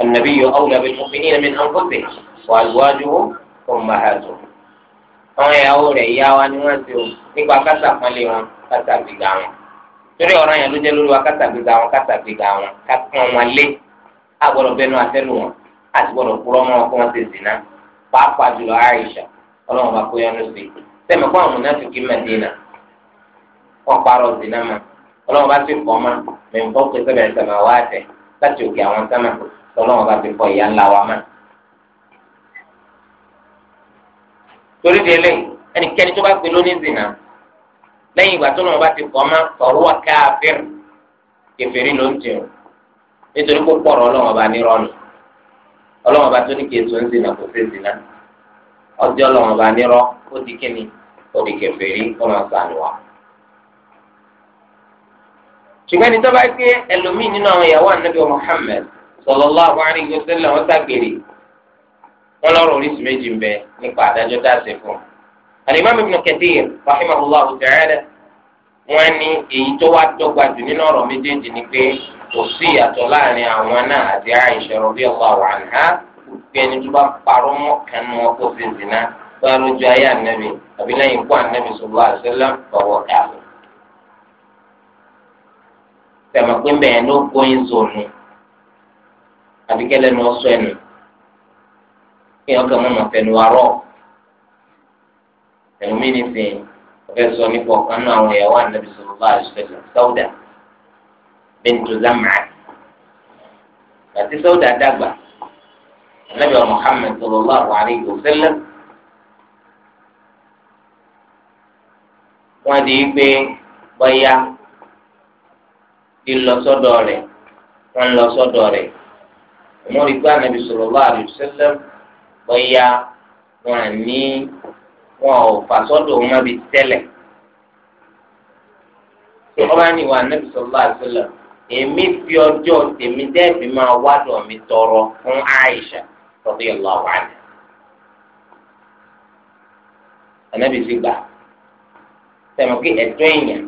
an-nabiyyu awla bil-mu'minina min anfusihim wa azwajuhum ummahatuhum àwọn ìyàwó rẹ̀ ìyá wa ni wọ́n ti o nípa kásà pọ́nlé wọn kásà gbígbà wọn torí ọ̀ràn yẹn ló jẹ́ lórí wa kásà gbígbà wọn kásà gbígbà wọn kásà wọn lé agbọ́dọ̀ bẹnu àtẹ́lù wọn àti gbọ́dọ̀ kúrọ mọ ọkọ wọn ti zina pàápàá jùlọ Aisha Ọlọ́run bá kó yọnu sí sẹmi kó àwọn munafiki Madina wọn parọ́ zina ma Ọlọ́run bá ti kọ ma mẹmbọ pé sẹbẹ sẹmẹ wá tẹ láti òkè àwọn sẹmẹ Ọlọ́run ti kọ ìyá ńlá wa ma. torí délé ẹnikẹ́ni tó bá pe lónìí zina lẹ́yìn ìgbà tó lọ́wọ́ bá ti kọ́ ma fahuwa kafir kèfèrí ló ń jẹun. nítorí kó pọ̀rọ̀ ọlọ́wọ́n bá nírọ̀nù ọlọ́wọ́n bá tó ní kí èso ń zina kó ṣe zina ọjọ́ ọlọ́wọ́n bá nírọ̀ ó di kíni ó di kẹfẹ́rí kó máa sànù wa. ṣùgbọ́n ní tọ́ba ẹlòmíì nínú àwọn ìyàwó Muhammad sallallahu alaihi wasallam wọn ṣàgbèrè wọn lọ́rọ̀ oríṣi méjì ń bẹ nípa kò sí ìyàtọ̀ láàrin àwọn náà àti Àìṣà radiyallahu anha pé ẹni tó bá parọ́ mọ́ kan mọ́ kó fi zina bá lójú ayé ànábì àbí lẹ́yìn kó ànábì sallallahu alaihi wasallam ọ̀wọ́ káàbọ̀. pé bẹ́ẹ̀ ló gbóyin zòònù ẹnu kí fẹnu bintu zam'a àti sọ́dà dàgbà anabi wa muhammed sallallahu alayhi wa sallam wọ́n di pé bọ́yá lílọ sọ́dọ̀ rẹ̀ wọ́n lọ sọ́dọ̀ rẹ̀ wọ́n rí pé anabi sallallahu alayhi wa sallam bọ́yá wọ́n ní wọn ò fà sọ́dọ̀ wọn bí tẹ́lẹ̀. ọba ni wa anabi sallallahu alayhi wa sallam èmi fi ọjọ́ tèmi dẹ́ẹ̀fì máa wádọ̀ mi tọrọ fún Aisha radiyallahu anha. ànábì sì gbà sẹ́mi kí ẹ̀tọ́ èèyàn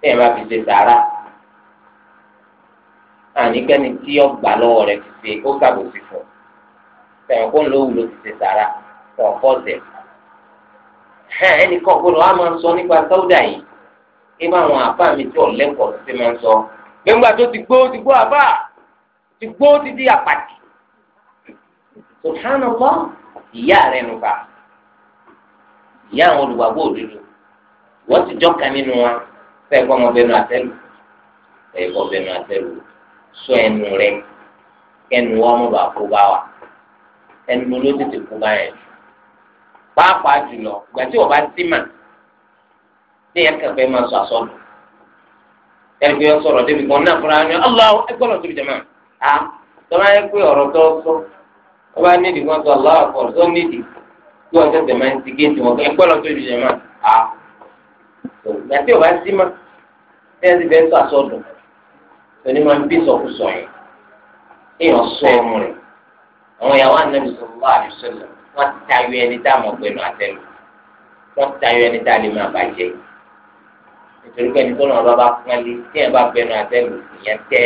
sẹ́mi bá fi ṣe sàárà àníkẹ́ni tí ó gbà lọ́wọ́ rẹ̀ fi ṣe ó ṣàbòsí fún sẹ́mi kó ń lówù ló ti ṣe sàárà fún ọ̀pọ̀ ọ̀sẹ̀. ẹnì kan gbọdọ̀ wá máa sọ nípa sọ́dà yìí kí àwọn àbá mi tí ò lẹ́kọ̀ọ́ sí máa ń sọ nígbà tó ti gbó ti gbó àbá ti gbó ti di àpàtì subhanallah ìyá rẹ nù bá ìyá àwọn olùgbàgbọ́ òdodo wọ́n ti jọ́ka nínú wa fẹ́ kọ́ ọmọ bẹnu àtẹ́lù fẹ́ kọ́ bẹnu àtẹ́lù sọ ẹnu rẹ kẹnu wọn mọ̀ bá kó bá wa ẹnu ló tètè kó bá yẹn pàápàá jùlọ ìgbà tí bá ti mà ní ẹ̀kẹ́ máa sọ àsọdùn. ẹni pé sọ̀rọ̀ débi kan náà fúnra ni aláwọ̀ ẹgbọ́nà tóbi jẹ̀mọ́ à a yẹ pé ọ̀rọ̀ tó sọ wọ́n nídi kan tó aláwọ̀ àkọ́rọ̀ tó nídi kí wọ́n tẹ̀sẹ̀ máa ń ti géètì ma ti sọ àsọdùn máa ń bí èèyàn sọ ọmọ rẹ àwọn ìyàwó sọlá àdìsọlá wọn ti ẹni tá a àtẹnu wọn ti ẹni tá a lè máa nítorí pé ẹni tó lọ́nà bá bá pọ́nlé tí ẹ̀ bá bẹnu àtẹ́lù ìyẹn tẹ́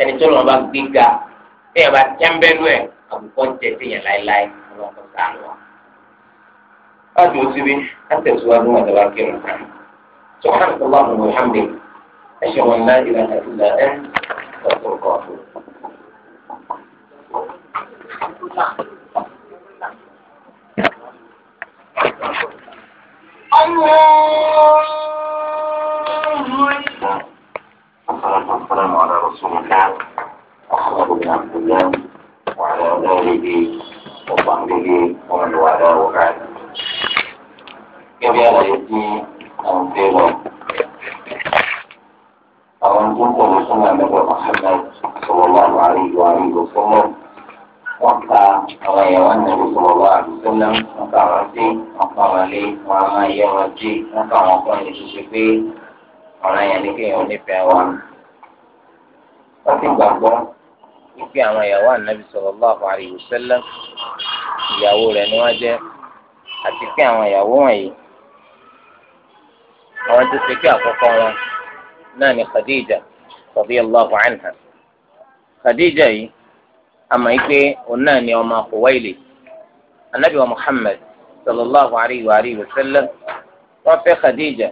ẹni tó lọ́nà bá gbé ga tí ẹ̀ bá tẹ́ńbẹ́nu ẹ̀ àbùkọ́ ń tẹ̀ síyẹn láéláé ọlọ́kọ̀ sàánù wa. láti mú síbi láti ẹ̀sùwájú wọn dábàá kírun kan سبحانك اللهم وبحمدك أشهد أن لا إله إلا أنت أستغفرك وأتوب Thank you. والصلاة والسلام على رسول الله محمد بن عبد الله وعلى آله وصحبه ومن والاه وبعد كبير يدي أنزله أو أن كنت رسول محمد صلى الله عليه وآله وسلم wọ́n ka àwọn ìyàwó nàbí sọ̀rọ̀ wá àdúgbòlá wọ́n ka àwọn sí wọ́n ka àwọn lé wọ́n àwọn ayé wọn jí wọ́n ka àwọn ọkọ ẹni ṣiṣẹ́ pé ọ̀ràn yẹn ní kéèyàn nífẹ̀ẹ́ wa. wọ́n ti gbàgbọ́ wípé àwọn ìyàwó ànábì sọ̀rọ̀ bá àfàrí ìṣẹ́lẹ̀ ìyàwó rẹ̀ ni wọ́n jẹ́ àti pé àwọn ìyàwó wọ̀nyí àwọn tó ṣe pé àkọ́kọ́ wọn náà ni Khadija radiyallahu anha Khadija yìí àmọ́ yìí pé òun náà ni ọmọ Khuwaylid anabi wa Muhammad sallallahu alayhi wa alayhi wa sallam wọ́n fẹ́ Khadija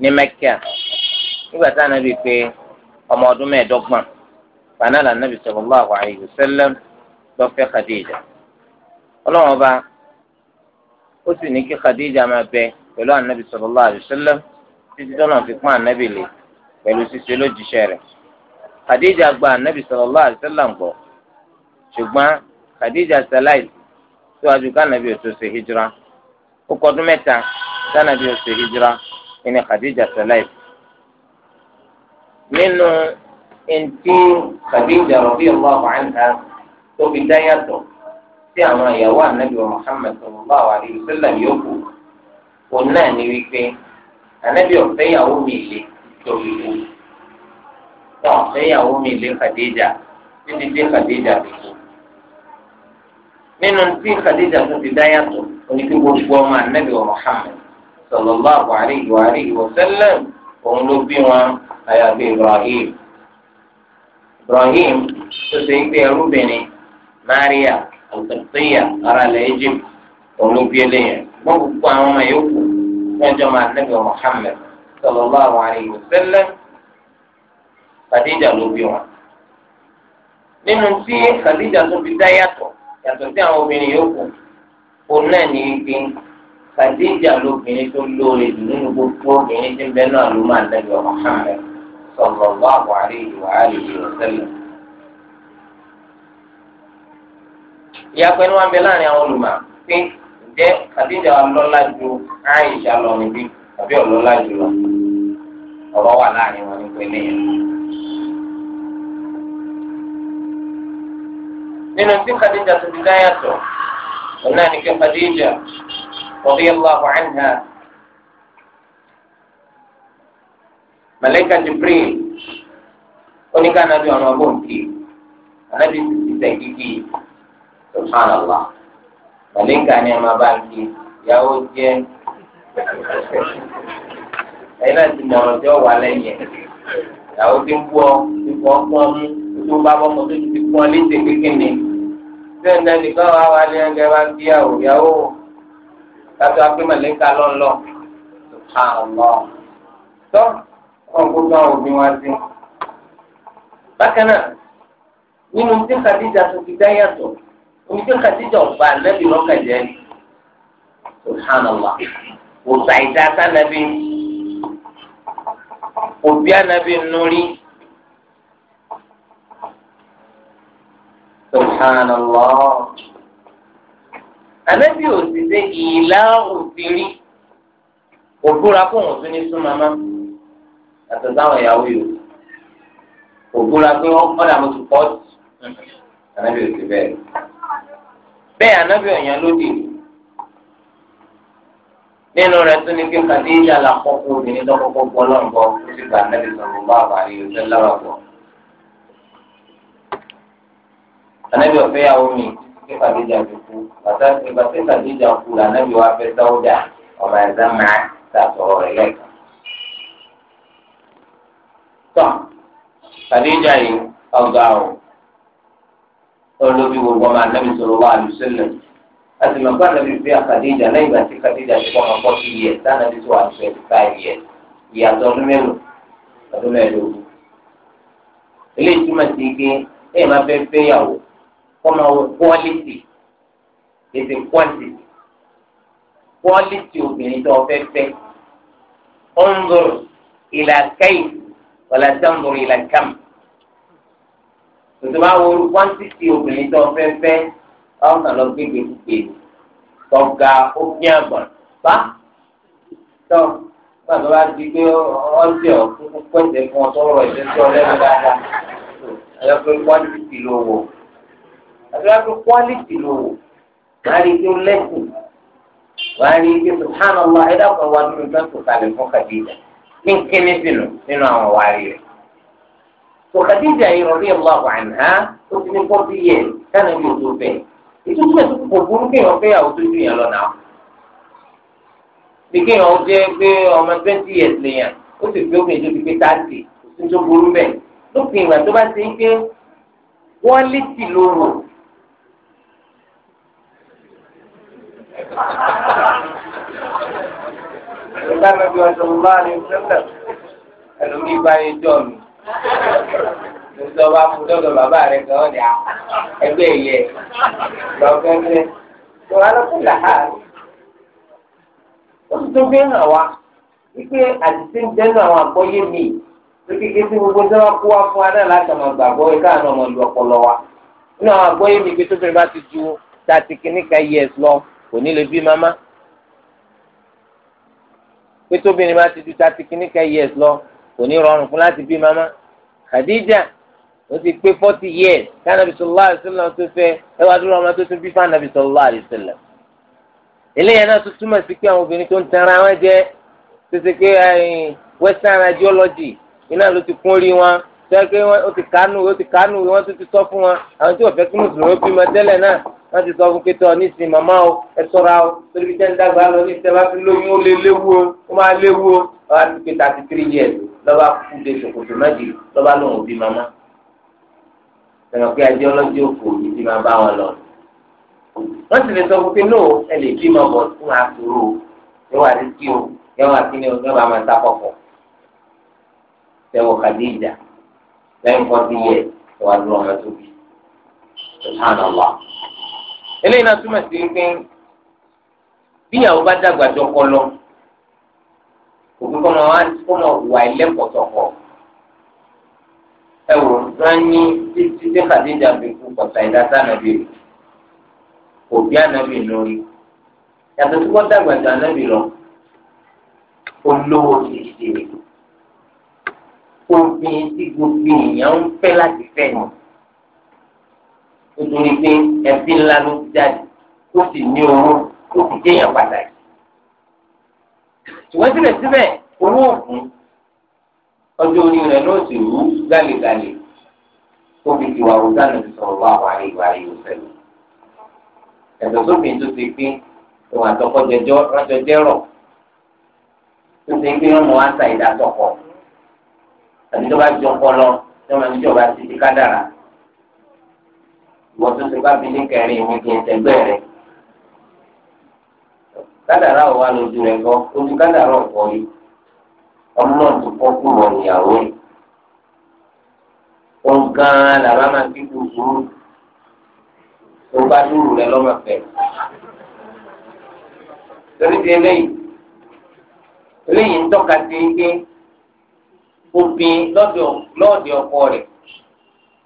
ní Mẹ́kà nígbà tá anabi pé ọmọ ọdún mẹ́ẹ̀ẹ́dọ́gbọ̀n bàánà là anabi sallallahu alayhi wa sallam lọ fẹ́ Khadija ọlọ́wọ́n ọba ó sì ní kí Khadija máa bẹ pẹ̀lú anabi sallallahu alayhi wa sallam títí tọ́nà fi pọ́n anabi lè pẹ̀lú ṣíṣe lójúṣe rẹ̀ Khadija gba anabi sallallahu alayhi wa sallam gbọ́ ṣùgbọ́n Khadija salai síwájú kánàbí òtún ṣe hijira ó kọdún mẹ́ta kánàbí òtún ṣe hijira ẹni Khadija salai. nínú ẹntì Khadija radiyallahu anha tóbi dáyàtọ̀ sí àwọn ìyàwó ànábì Muhammad sallallahu alaihi wasallam yòókù òun náà ní wípé ànábì ọ̀fẹ́ ìyàwó mi lè tóbi kú ọ̀fẹ́ ìyàwó mi lè Khadija títí dé Khadija nínú tí Khadija tó ti dá yàtọ̀ oníkí gbogbo ọmọ anabi wa Muhammad sallallahu alayhi wa alayhi wa òun ló bí wọn àyàfi Ibrahim Ibrahim tó ṣe ń pè ẹrúbìnrin Maria alqibtiya ara ilẹ̀ Egypt òun ló bí eléyẹn wọn gbogbo àwọn ọmọ yòókù wọn jọ máa anabi wa Muhammad sallallahu alayhi wa sallam Khadija ló bí wọn nínú tí Khadija tó fi dá yàtọ̀ yàtọ̀ sí àwọn obìnrin yòókù òun náà ní ike Khadija lóbìnrin tó lóore jù nínú gbogbo obìnrin tí ń bẹ náà ló máa dẹ́gbẹ̀ Muhammad sallallahu alaihi wa alihi wa sallam. ìyàpẹ́ ni wọ́n bẹ láàrin àwọn olùmọ̀ pé ǹjẹ́ Khadija ọlọ́lá ju Aisha lọ níbí tàbí ọlọ́lá jù lọ ọ̀rọ̀ wà láàrin wọn nípa eléyìí. nínú tí Khadija tó fi dáyàtọ̀ ọ̀nà nìkan Khadija radiyallahu anha Malaika Jibril oníkà nàbí ọ̀nà ọgbọ̀n kì í ànábì sì ti tẹ̀ kíkì subhanallah Malaika ni ẹ̀ máa bá ń kì í ìyàwó jẹ́ ẹ̀yin náà ti mọ̀ràn tí ó wà lẹ́yìn ìyàwó ti ń bú ọ ti fọ́ ọ́ fún ọmú tó bá bọ́ ọmọ tó ti fún létí kékeré bẹ́ẹ̀ ní ẹnìkan wà wà ní ẹnìkan wà ń gbéyàwó yàwó kátó akémọ̀lẹ́ka lọ́nlọ́ àlọ́ tó ọ̀gbọ́n àwọn òbí wa sí. bákan náà nínú tí kàdíjà tó fi dá yàtọ̀ omi tí kàdíjà ọ̀gbà nẹ́bí lọ́kàjẹ́ subhanallah kò sàìdá sànàbí òbí ànàbí nùrí. subhanallah anabi ò sì ṣe ìlà òfìrí òbúra kó wọn tún ní súnmọmọ àti táwọn ìyàwó yòó òbúra pé ọ̀dà mo ti pọ̀ jù anabi ò sì bẹ́ẹ̀ bẹ́ẹ̀ anabi ọ̀yàn lódì nínú rẹ̀ tún ní pé kàdéjà làkọ́kọ́ obìnrin lọ́kọ́kọ́ gbọ́ lọ́nbọ́ ó sì gba anabi sọ̀rọ̀ bá àbárí ọ̀sẹ̀ lára bọ̀. anabi ọ̀fẹ́ yàwó mi kí Khadija ti kú ìgbà tí Khadija kú la anabi wa fẹ́ Sauda ọmọ ẹ̀dá máa ta sọ̀rọ̀ rẹ̀ lẹ́ẹ̀kan. tọ́ Khadija yìí ọ̀gá o olóbi gbogbo ọmọ anabi sallallahu alaihi wasallam àti màkà anabi fẹ́ Khadija lẹ́yìn ìgbà tí Khadija ti kọ́ ọmọ fọ́tí yẹ sànàbí tó wà twenty five years ìyàtọ̀ ọdún mélòó ọdún mélòó ilé ìtumọ̀ sí ike ẹ̀ máa fẹ́ fẹ́ yàwó kọ́mọ wọ quality is ètò quantity quality obìnrin tó fẹ́ fẹ́ ọ̀nzọ̀rọ̀ ìlà kẹ́yìn wàlá sẹ́ńdọ̀rọ̀ ìlà kàm tòtò bá wọ quantity obìnrin tó fẹ́ fẹ́ ọ̀kan lọ gbégbé gbé tọ́ga ó bí àgbọ̀n bá tọ́ gbàgbọ́ bá di pé ọ̀ọ́dẹ̀ ọ̀kú pẹ̀sẹ̀ fún ọ̀tọ̀ ọ̀rọ̀ ìṣẹ́jọ́ lẹ́nu dáadáa ẹ̀yọ́ pé quantity ló wọ̀ àti wàá fi kwaliti lò wò wàá rí i tó lẹ́sìn wàá rí i tó subhanallah ẹ̀dá kan wá nínú tó tó kalẹ̀ fún Khadija ní kíní sínú nínú àwọn wàárí rẹ̀. tó Khadija yìí radiyallahu anha ó ti ní fọ́tí yẹ kánà yóò tó bẹ́ẹ̀ ìtútù ẹ̀ tó kò burú kéèyàn fẹ́ yàwó tó ju yàn lọ náà. bí kéèyàn jẹ́ pé ọmọ twenty years lèèyàn ó sì fi obìnrin tó ti pé thirty tó burú bẹ́ẹ̀ lópin ìgbà tó bá ti ń pé wọ́n lé tì lóru nígbà mẹ́bí ọ̀sẹ̀ mo máa ní sẹ́lẹ̀ ẹlòmí bá yẹ jọ mi nítorí ọba fún dọ́dọ̀ bàbá rẹ̀ gan ọ̀dẹ̀ ẹgbẹ́ ìyẹ lọ́gẹ́gẹ́ tó alákùnrin àhá ó sì tún fi hàn wá wípé àdìsí ń dẹ́nu àwọn àgbọ́yé mi kékeré tí gbogbo ní wọn kó wá fún adá láti ọmọ gbàgbọ́ ẹ̀ka àwọn ọmọ ìlú ọpọlọ wa nínú àwọn àgbọ́yé mi pé tó fẹ́ bá ti ju thirty kìíní kan lọ kò ní lè bí mama pé tóbìnrin bá ti ju thirty kìnnìkan years lọ kò ní rọrùn fún láti bí mama Khadija ó ti pé forty years ká nàbì sallallahu alaihi wasallam tó fẹ́ ẹ wá dúró ọmọ tó tún bí fún nàbì sallallahu alaihi wasallam eléyìí náà tó túmọ̀ sí pé àwọn obìnrin tó ń tanra wọn jẹ tètè pé eh, western radiology iná ló ti kún orí wọn tẹ́ pé ó ti kánú ó ti kánú wọn tó ti sọ fún wọn àwọn tí wọ́n fẹ́ kí mùsùlùmí bímọ tẹ́lẹ̀ náà wọ́n ti sọ fún pé tọ́ nísìnyí màmá o ẹ sọ́ra o torí bí sẹ́ńdá gbà lọ ní sẹ́ńdá fi lóyún ó lè léwu o ó máa léwu o wọ́n á ti pé thirty three years lọ́ba kú de ṣòkòtò méjì lọ́ba lòun ò bí màmá. sọ̀rọ̀ pé ajé ọlọ́jọ́ òkú òbí ti máa bá wọn lọ. wọ́n ti lè sọ fún pé no ẹ lè bí bọ̀ fún àtúrò yẹ́wà rí kí o yẹ́wà kí ni o yẹ́wà máa ta kọ̀kọ̀. sẹ́wọ̀ Khadija lẹ́yìn kọ́ eléyìí náà túmọ̀ sí pé bíyàwó bá dàgbà jọkọ lọ òkú kọ́ mọ wá kọ́ mọ wà ẹlẹ́pọ̀tọ̀kọ̀ ẹ wò wọn ní títí tí kàdéjà fi kú kọ̀tà ìdásá ànábì rẹ̀ kò bí ànábì lórí yàtọ̀ tí wọ́n dàgbà jù ànábì lọ olówó ti ṣe obìnrin tí gbogbo èèyàn ń fẹ́ láti fẹ́ nítorí pé ẹbí ńlá ló ti jáde ó sì ní owó ó sì jẹ́yàn pàtàkì. ṣùgbọ́n síbẹ̀síbẹ̀ owó òkun ọjọ́ orí rẹ̀ náà sì rú gàlégàlé tó fi ti wà wò dáná ti sọ̀rọ̀ wá wà ìwà ìwò sẹ́lẹ̀. ẹ̀dọ̀ sófin tó ti pín òun àtọkọ jẹjọ rọjò jẹrọ tó ti pín ọmọ wa ta ìdásọkọ àbí tó bá jọ kọ lọ tó máa ń jọba títí kádàrà wọ́n tún ti bá fi ní kẹrin mi kì í tẹ̀gbẹ́ rẹ̀. kádàrá ò wá lójú rẹ̀ kọ́ ojú kádàrá ọ̀pọ̀ yìí ọmọ náà ti kọ́ kú wọ ìyàwó rẹ̀. òun gan-an làbá máa fi kú sùúrù tó bá dúró rẹ̀ lọ́mọ fẹ́. torí ti eléyìí eléyìí ń tọ́ka sí pé obìnrin lọ́dọ̀ ọkọ rẹ̀.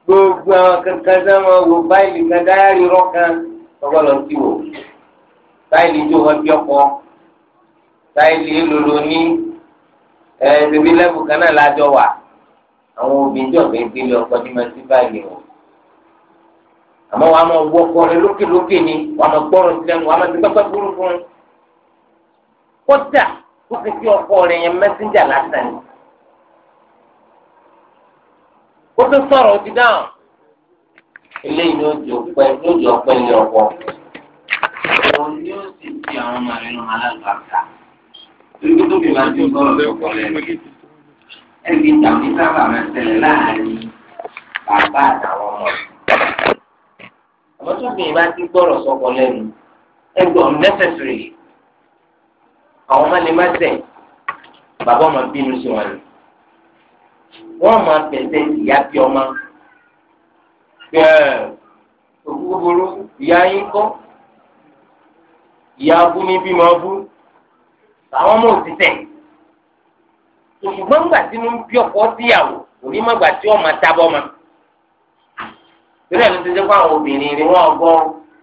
gbogbo àwọn kankan sá wo báyìí kan dáyàrí rọ́kan ọgbọ́n lọ sí wò báyìí tó wọ́n bí ọkọ báyìí lolo ní ẹ̀ẹ́dẹ̀bí lẹ́bù kan náà lájọ wà àwọn obìnrin tí ọkọ ma sí báyìí wàá ọkọ rẹ lókèlókè ni wàá wàá ti pẹ́pẹ́ burú fún un kódà ó ti ọkọ rẹ yẹn ó tún sọ̀rọ̀ ti dáhùn. eléyìí ló jọ pẹ́ ló jọ pẹ́ lé ọkọ. òun ni ó sì ti àwọn ọmọ rẹ̀ lọ́mọ alágbàtà. torí tó bí máa ti ń sọ̀rọ̀ ọkọ rẹ̀. ẹbí tàbí sábà máa ṣẹlẹ̀ láàárín bàbá àtàwọn ọmọ rẹ̀. àmọ́ tó bí máa ti gbọ́rọ̀ sọ́kọ lẹ́nu ẹgbọ́n nẹ́sẹ̀sìrì àwọn ọmọ lè má tẹ̀ bàbá ọmọ bínú sí wọn ni wọ́n máa pẹ̀sẹ̀ ìyá bí ọmọ. bẹ́ẹ̀ òkú gbogbo ìyá yín kọ́ ìyá abú ní bímọ abú àwọn ọmọ òtítẹ̀. ṣùgbọ́n gbà tí mo ń bí ọkọ síyàwó òní má gbà tí ọmọ tábọ́ ma. ìrẹ́lẹ̀ ló ti jẹ́ pé àwọn obìnrin ni wọ́n ọgọ́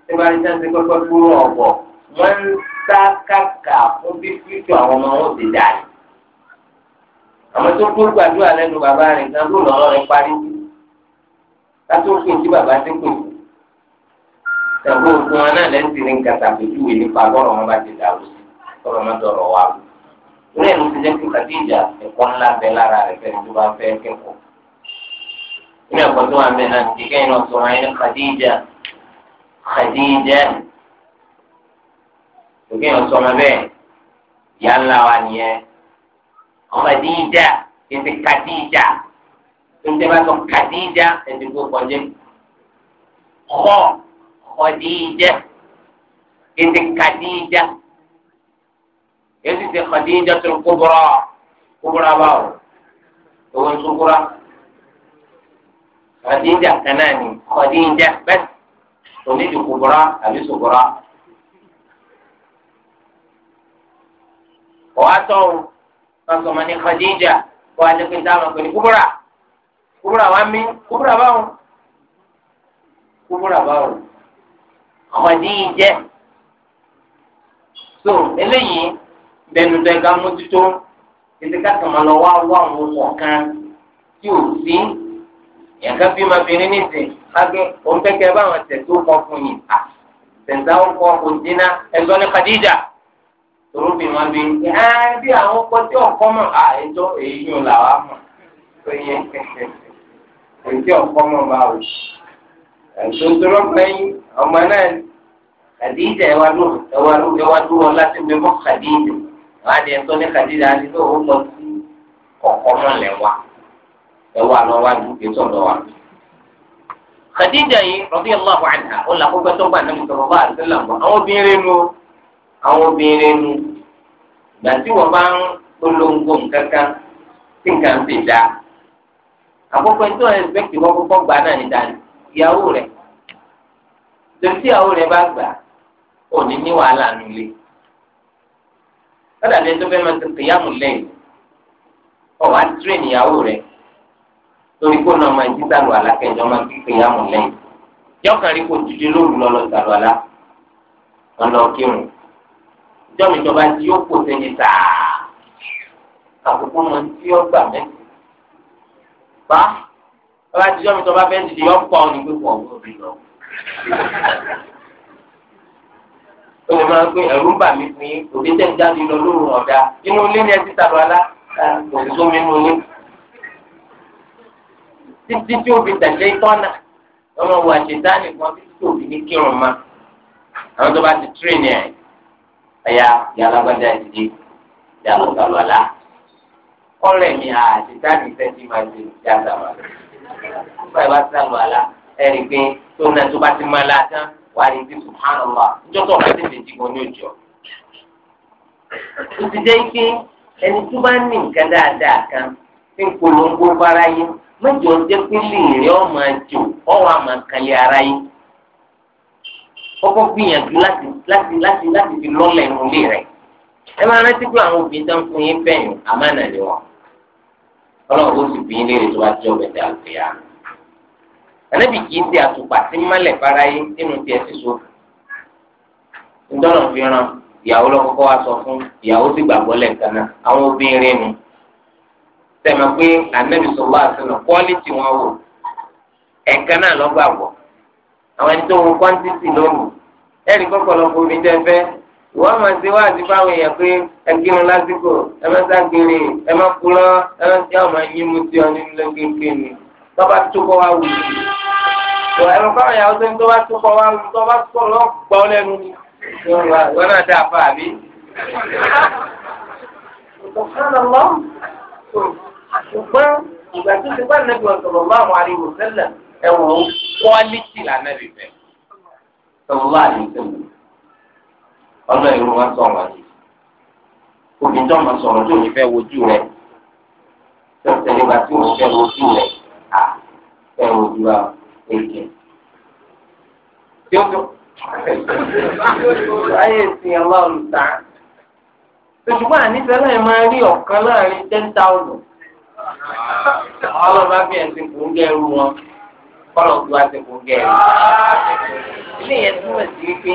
ṣé bá rí sáńsì pẹ́pẹ́ fún ọ̀bọ̀ wọ́n ń sá kàkà fún bí fíjọ àwọn ọmọ wọn ti dà ní àmọ́ tó kó gbàdúrà lẹ́nu bàbá rẹ̀ gan ló lọ́rọ́ rẹ̀ parí sí kátó pè tí bàbá ti pè tẹ̀gbọ́n òkun wọn náà lẹ́sìn ní nǹkan tàbíjúwe nípa bọ́rọ̀ wọn bá ti dàrú sí bọ́rọ̀ wọn dọ̀rọ̀ wá lù lórí ẹ̀mí ti jẹ́ pé kàdíjà ẹ̀kọ́ ńlá bẹ lára rẹ̀ fẹ́ni tó bá fẹ́ kẹ́kọ̀ọ́ ilé ẹ̀kọ́ tó wà ń náà ti kẹ́yìn náà tó wọn ẹni kàdíjà kàdíjà òkè yẹn sọmọ bẹ́ẹ̀ ìyá ńlá wa nìyẹn. Khadija ètè Khadija ǹjẹ́ bá sọ Khadija ètè gbogbo ọjọ́ kọ́ Khadija ètè Khadija ètè tẹ Khadija tó Kubra Kubra báwo owó tó Kubra Khadija kanáà ni Khadija bẹ́ẹ̀ onídìí Kubra àbí Sughra. Wàá tọ́ kásọ̀ ma ní Khadija kó a lékún dáhùn àpè ní kúbúrà kúbúrà wa mí kúbúrà báwọn kúbúrà báwọn Khadija so eléyìí bẹnudọ ẹka mójútó títí kásọ̀ ma lọ wá wá àwọn ọ̀kan tí ò sí yàtọ̀ bímọ obìnrin nìsín kágé òun kẹ́kẹ́ báwọn tẹ̀ tó kọ fún yìí à tẹ̀sán ó kọ òdínà ẹ̀zọ́ ní Khadija torúbì wọn bí ẹ bí àwọn pọtí ọkọ mọ àìjọ èyí ń là wá mọ tó yẹ pọtí ọkọ mọ bá wò ẹtòtòrò pẹ́yìn ọmọ náà kàdíjà ẹwà ló ẹwà ló ẹwà ló wọn láti gbé mọ kàdíjà wọn adìẹ tó ní kàdíjà á ti tó o lọ sí ọkọ mọ lẹwa ẹwà lọ wá dúpẹ́ sọ́dọ̀ wa. kàdíjà yìí radiyallahu anha ó là kó gbẹ́tọ́ gbà nàbì sọ̀rọ̀ bá àdúrà lọ àwọn obìnrin nù àwọn obìnrin nu ìgbà tí wọ́n bá ń polongo nǹkan kan tí nǹkan ti da àkọ́kọ́ ẹni tó ń ẹ̀sìpẹ́kì wọ́n kọ́kọ́ gbà náà ní dání ìyàwó rẹ̀ lórí tí ìyàwó rẹ̀ bá gbà ò ní ní wàhálà nílé lọ́dà ni ẹni tó fẹ́ máa ti kìyàmù lẹ́yìn ọ̀wá tírèn ìyàwó rẹ̀ lórí kó náà máa jí sàlù alákẹ́jọ́ máa fi kìyàmù lẹ́yìn yọkàn rí kó dìde lóru lọ́lọ́ sàlù alá ọ̀nà jọ́mi ìjọba tí ó kò sẹ́yìn tàà àkókò mọ̀ tí ó gbà mẹ́sì. Bá ọba tí jọ́mi ìjọba fẹ́ dìde yọ pa ọ́ ní pípọ̀ lórí lọ. Ó lè máa gbé ẹ̀rú bà mí fún yín, òbí tẹ̀ ń jáde lọ lóru ọ̀dà. Inú ilé ni ẹ ti tàbí alá, kò sí sómi inú ilé. Títí tí ó fi tẹ̀lé tọ́nà, ọmọ wà ṣètá nìkan títí tí ó ní kírun ma. Àwọn tó bá ti tírè ní ẹ̀ ẹ̀yà ìyálàgbájá ìdílé ìyálòkàlọ́lá ọ̀rẹ́ mi àti táàbì sẹ́ńtì máa ti yàtà wà. nígbà yìí bá ti sàlù àlá ẹ̀rì pé tó ń tó bá ti máa la tán wà á rí ti subhanallah níjọ́ tó bá ti lè jí wọn ní òjò. ó ti jẹ́ pé ẹni tó bá ní nǹkan dáadáa kan tí ń polongo fáráyé mẹ́jọ jẹ́ pé lè rí ọmọ àjò ọwọ́ àmọ̀kànlé aráyé kọ́kọ́ gbìyànjú láti láti láti láti fi lọ́lẹ̀ ìmúlẹ̀ rẹ̀ ẹ máa rántí pé àwọn obìnrin tó ń fún yín bẹ́ẹ̀ àmánà ni wọn ọlọ́run ó sì bíyín léèrè tó bá jẹ́ ọ̀bẹ̀dẹ̀ àgbéyà ànábì kìí ṣe àtùpà tí mọ́lẹ̀ fáráyé nínú tiẹ̀ sísọ ńdọ́nà fi ràn ìyàwó lọ́kọ́kọ́ wa sọ fún ìyàwó sì gbàgbọ́ lẹ́ẹ̀kan náà àwọn obìnrin nu tẹ̀mọ̀ pé ànábì sọ̀rọ̀ àti nà kọ́ọ́lì tí wọ́n wò ẹ̀ẹ̀kan náà lọ́gbàgbọ́ àwọn ẹni tó wo kwantiti lónìí ẹni kọkọlọpọ omi tẹ fẹ wọ́n máa ṣe wá àti fáwọn èèyàn pé ẹ kírun lásìkò ẹ má ságbére ẹ má kúrọ́ ẹ má ṣe àwọn ẹyin mú sí ọ nínú lẹ́gbẹ̀ẹ́ ni tọ́ba tó kọ́ wá wù ú. tó ẹ mọ̀ fáwọn ìyàwó sẹ́ni tọ́ba tó kọ́ wá wù ú tọ́ba tó lọ́ gbọ́ lẹ́nu ni. wọ́n náà dá àfa àbí. ṣùgbọ́n ìgbà tó ti bá nàbí ọ̀sọ̀rọ̀ máa wà ní ìwòsàn ẹwọ kwaliti la nàbì fẹ sọlá àdìsẹ mi ọlọ ìlú wa sọ̀rọ̀ yìí òbí tó ma sọ̀rọ̀ tó ní fẹ́ wojú rẹ tó tẹ́lẹ̀ bá tó ní fẹ́ wojú rẹ à fẹ́ wojú wa èké tí ó tó ayé sin Ọlọ́run ta ṣùgbọ́n àníṣẹ́ láì máa rí ọ̀kan láàrin ten thousand ọlọ́ba fi ẹ̀sìn kò ń gẹ wọn kọ́lọ̀ tó wá ti kò gẹ̀ ẹ́. ilé yẹn túmọ̀ sí wípé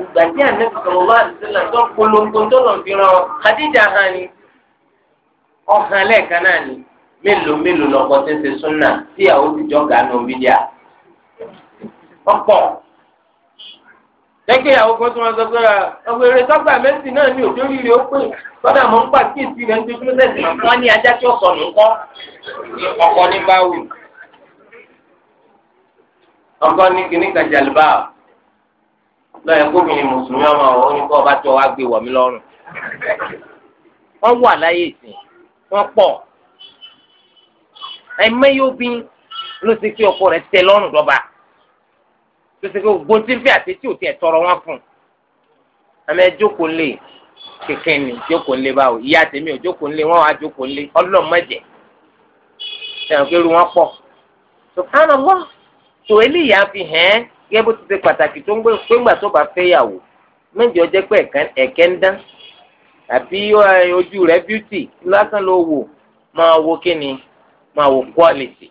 ìgbà tí àná sọ̀rọ̀ wá sílẹ̀ tó polongo tó lọ́n fi ràn Khadija hàn ni ọ̀hàn lẹ́ẹ̀kan náà ni mélòó mélòó lọ́kọ tó ṣe súnà tí àwọn òbíjọ́ gà ní òbíjà ọ̀pọ̀ lẹ́gbẹ̀ẹ́ àwọn kan tó wọn sọ pé ọ̀pọ̀ èrè tọ́gbà mẹ́sì náà ní òjò rírì ó pè kọ́dà mọ́ ń pàkíyèsí rẹ̀ ń dojú lẹ́sìn àti wọ́n ní ajá tí ó sọnù ńkọ́ ọkọ ní báwù ọkọ ní kíní kan jàlùbá lọ́yẹ̀ gómìnà mùsùlùmí ọmọ ọ̀hún ní kó ọba tó wá gbé wọ̀ mí lọ́rùn. wọ́n wà láyé ìsìn wọ́n pọ̀ ẹ̀mẹ́yìí obìnrin ló ti fi ọkọ rẹ̀ tẹ lọ́rùn dọ́ba tó ti fi gbóntì fẹ́ àti tí ò tiẹ̀ tọrọ wọn fún un àmì ẹjókòó ńlẹ kékeré ni jókòó ńlẹ báwo ìyá tèmi ò jókòó ńlẹ wọn wàá jókòó ńlẹ ọlọ́mọdé ẹ̀rọ kéru wọn pọ̀ subhanallah tó eléyìí á fi hẹ́n gẹ́gẹ́ bó ti ṣe pàtàkì tó ń gbé pégbà tó bá fẹ́ yàwó mẹ́jọ jẹ́ pé ẹ̀kẹ́ ń dán àbí ojú rẹ̀ bíútì lásán ló wò máa wo kí ni máa wo quality.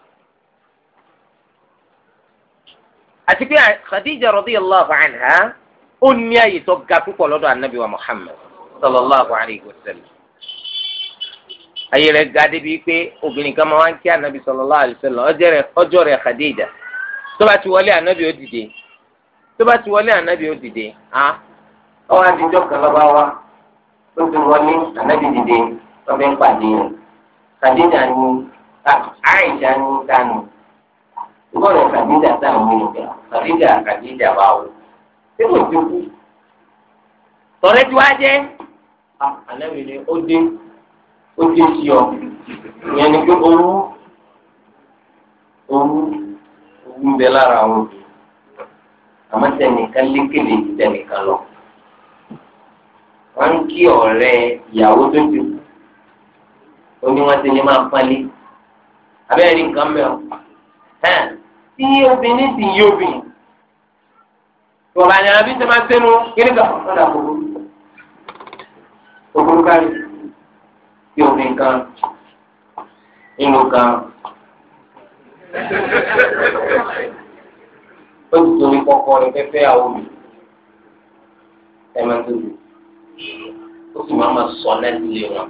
àti pé Khadija radiyallahu anha ó ní àyè tó ga púpọ̀ lọ́dọ̀ anabi wa Muhammad sallallahu alayhi wa sallam ayé rẹ̀ ga débi pé obìnrin kan máa ń kí anabi sallallahu alayhi wa sallam ọjọ́ rẹ̀ Khadija tó bá ti wọlé ànábì ó dìde tó bá ti wọlé ànábì ó dìde á ọwọ́ àtijọ́ kan lọ́ba wa ó ti wọlé ànábì dìde wọ́n fi ń pàdé rẹ̀ kàdíjà ni àìjà ni dànù gbọ́dọ̀ kàdíjà dànù ìgbà kàdíjà kàdíjà bá wò ṣé kò ti kú tọ̀rẹ́ tí wàá jẹ́ ànábì ni ó dé ó dé sí ọ ìyẹn ni pé owó owó ń bẹ lára àwọn obìnrin àmọ́ tẹnìkan lékele ju tẹnìkan lọ wọ́n ń kí ọ̀rẹ́ ìyàwó tó ti kú ó ní wọ́n ti ní máa pálí abẹ́rẹ́ ní nǹkan mẹ́ọ̀ tí obìnrin ti yí obìnrin tọ́ba ni àbí tẹ́ máa sẹ́nu kíní kan ọ̀dà kòkòrò kòkòrò kárí tí obìnrin kan nínú kan ó ti torí kọ́kọ́ rẹ fẹ́fẹ́ àwọn mi ẹ̀mẹ́tò mi ó sì máa ma sọ nẹ́ẹ̀tì lé wọn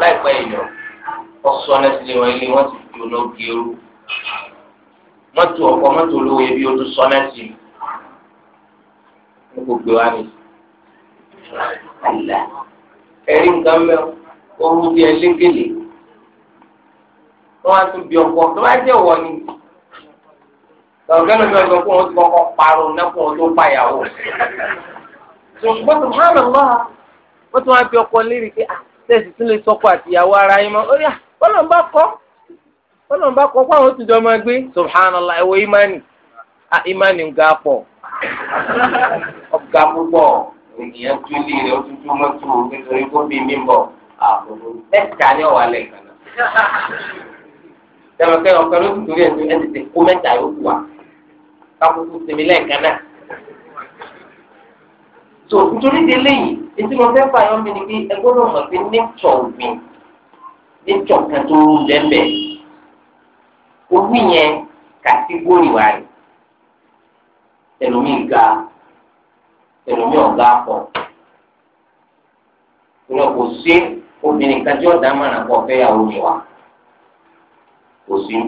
láìpẹ́ ìyọ̀ ó sọ nẹ́ẹ̀tì lé wọn ilé wọn ti di olóògì eru mọ́tò ọkọ̀ mọ́tò olówó ebi ó tún sọ nẹ́ẹ̀tì ní gbogbo wa ni ẹ̀rí nǹkan mẹ́rin ó rú wọ́n á tún bí ọkọ tó bá jẹ́ wọ ni ọ̀gẹ́ni mi ọ̀sán fún wọn ti kọ́kọ́ parọ́ nẹ́kùn wọn tó pàyàwó ṣùgbọ́n tó hàn lọ́wọ́ wọ́n tún wá bí ọkọ lérí pé àtẹ̀sí ah, tún lè sọ́kọ àtìyàwó ara yín mọ́ ó yà wọ́n ah, bá kọ́ wọ́n lọ́n bá kọ́ pé àwọn tó máa gbé subhanallah ẹ̀wọ̀ imani ah imani ń ga pọ̀ ọ̀gá púpọ̀ ènìyàn tún lè rẹ̀ ó tún tún mọ́tò nítorí gómìnà mímọ́ àbúrò mẹ́ta ní ọ̀wálẹ̀ kan náà dàmà pé ọ̀kan ló ti torí ẹ̀sìn ẹ̀sìn ti kó mẹ́ta yóò wà kákòókò sinmi lẹ́ẹ̀kan náà. tó nítorí de léyìí etí mo fẹ́ fà yọ mí ni pé ẹ gbọ́dọ̀ mọ̀ pé nẹ́tọ̀ gbìn nẹ́tọ̀ kan tó ń lẹ́mẹ̀ omi yẹn kàtígórì wà rẹ̀ ẹlòmíì ga ẹlòmíì ọ̀gá pọ̀ ìyẹn kò sí obìnrin kan tí ọ̀dà mọ̀ràn kọ́ fẹ́ yà omi wà kò sí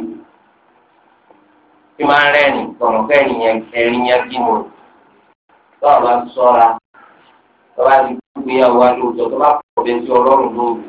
tí máa ń rẹ́rìn tọ̀mọ̀kẹ́ ẹ̀yìn ẹ̀rín yẹn kí mo tọ́wọ́ bá sọ́ra tọ́wọ́ bá ti gbéyàwó wa lóòótọ́ tọ́wọ́ bá pọ̀ bẹ́ẹ̀ tí ọlọ́run lóòótọ́.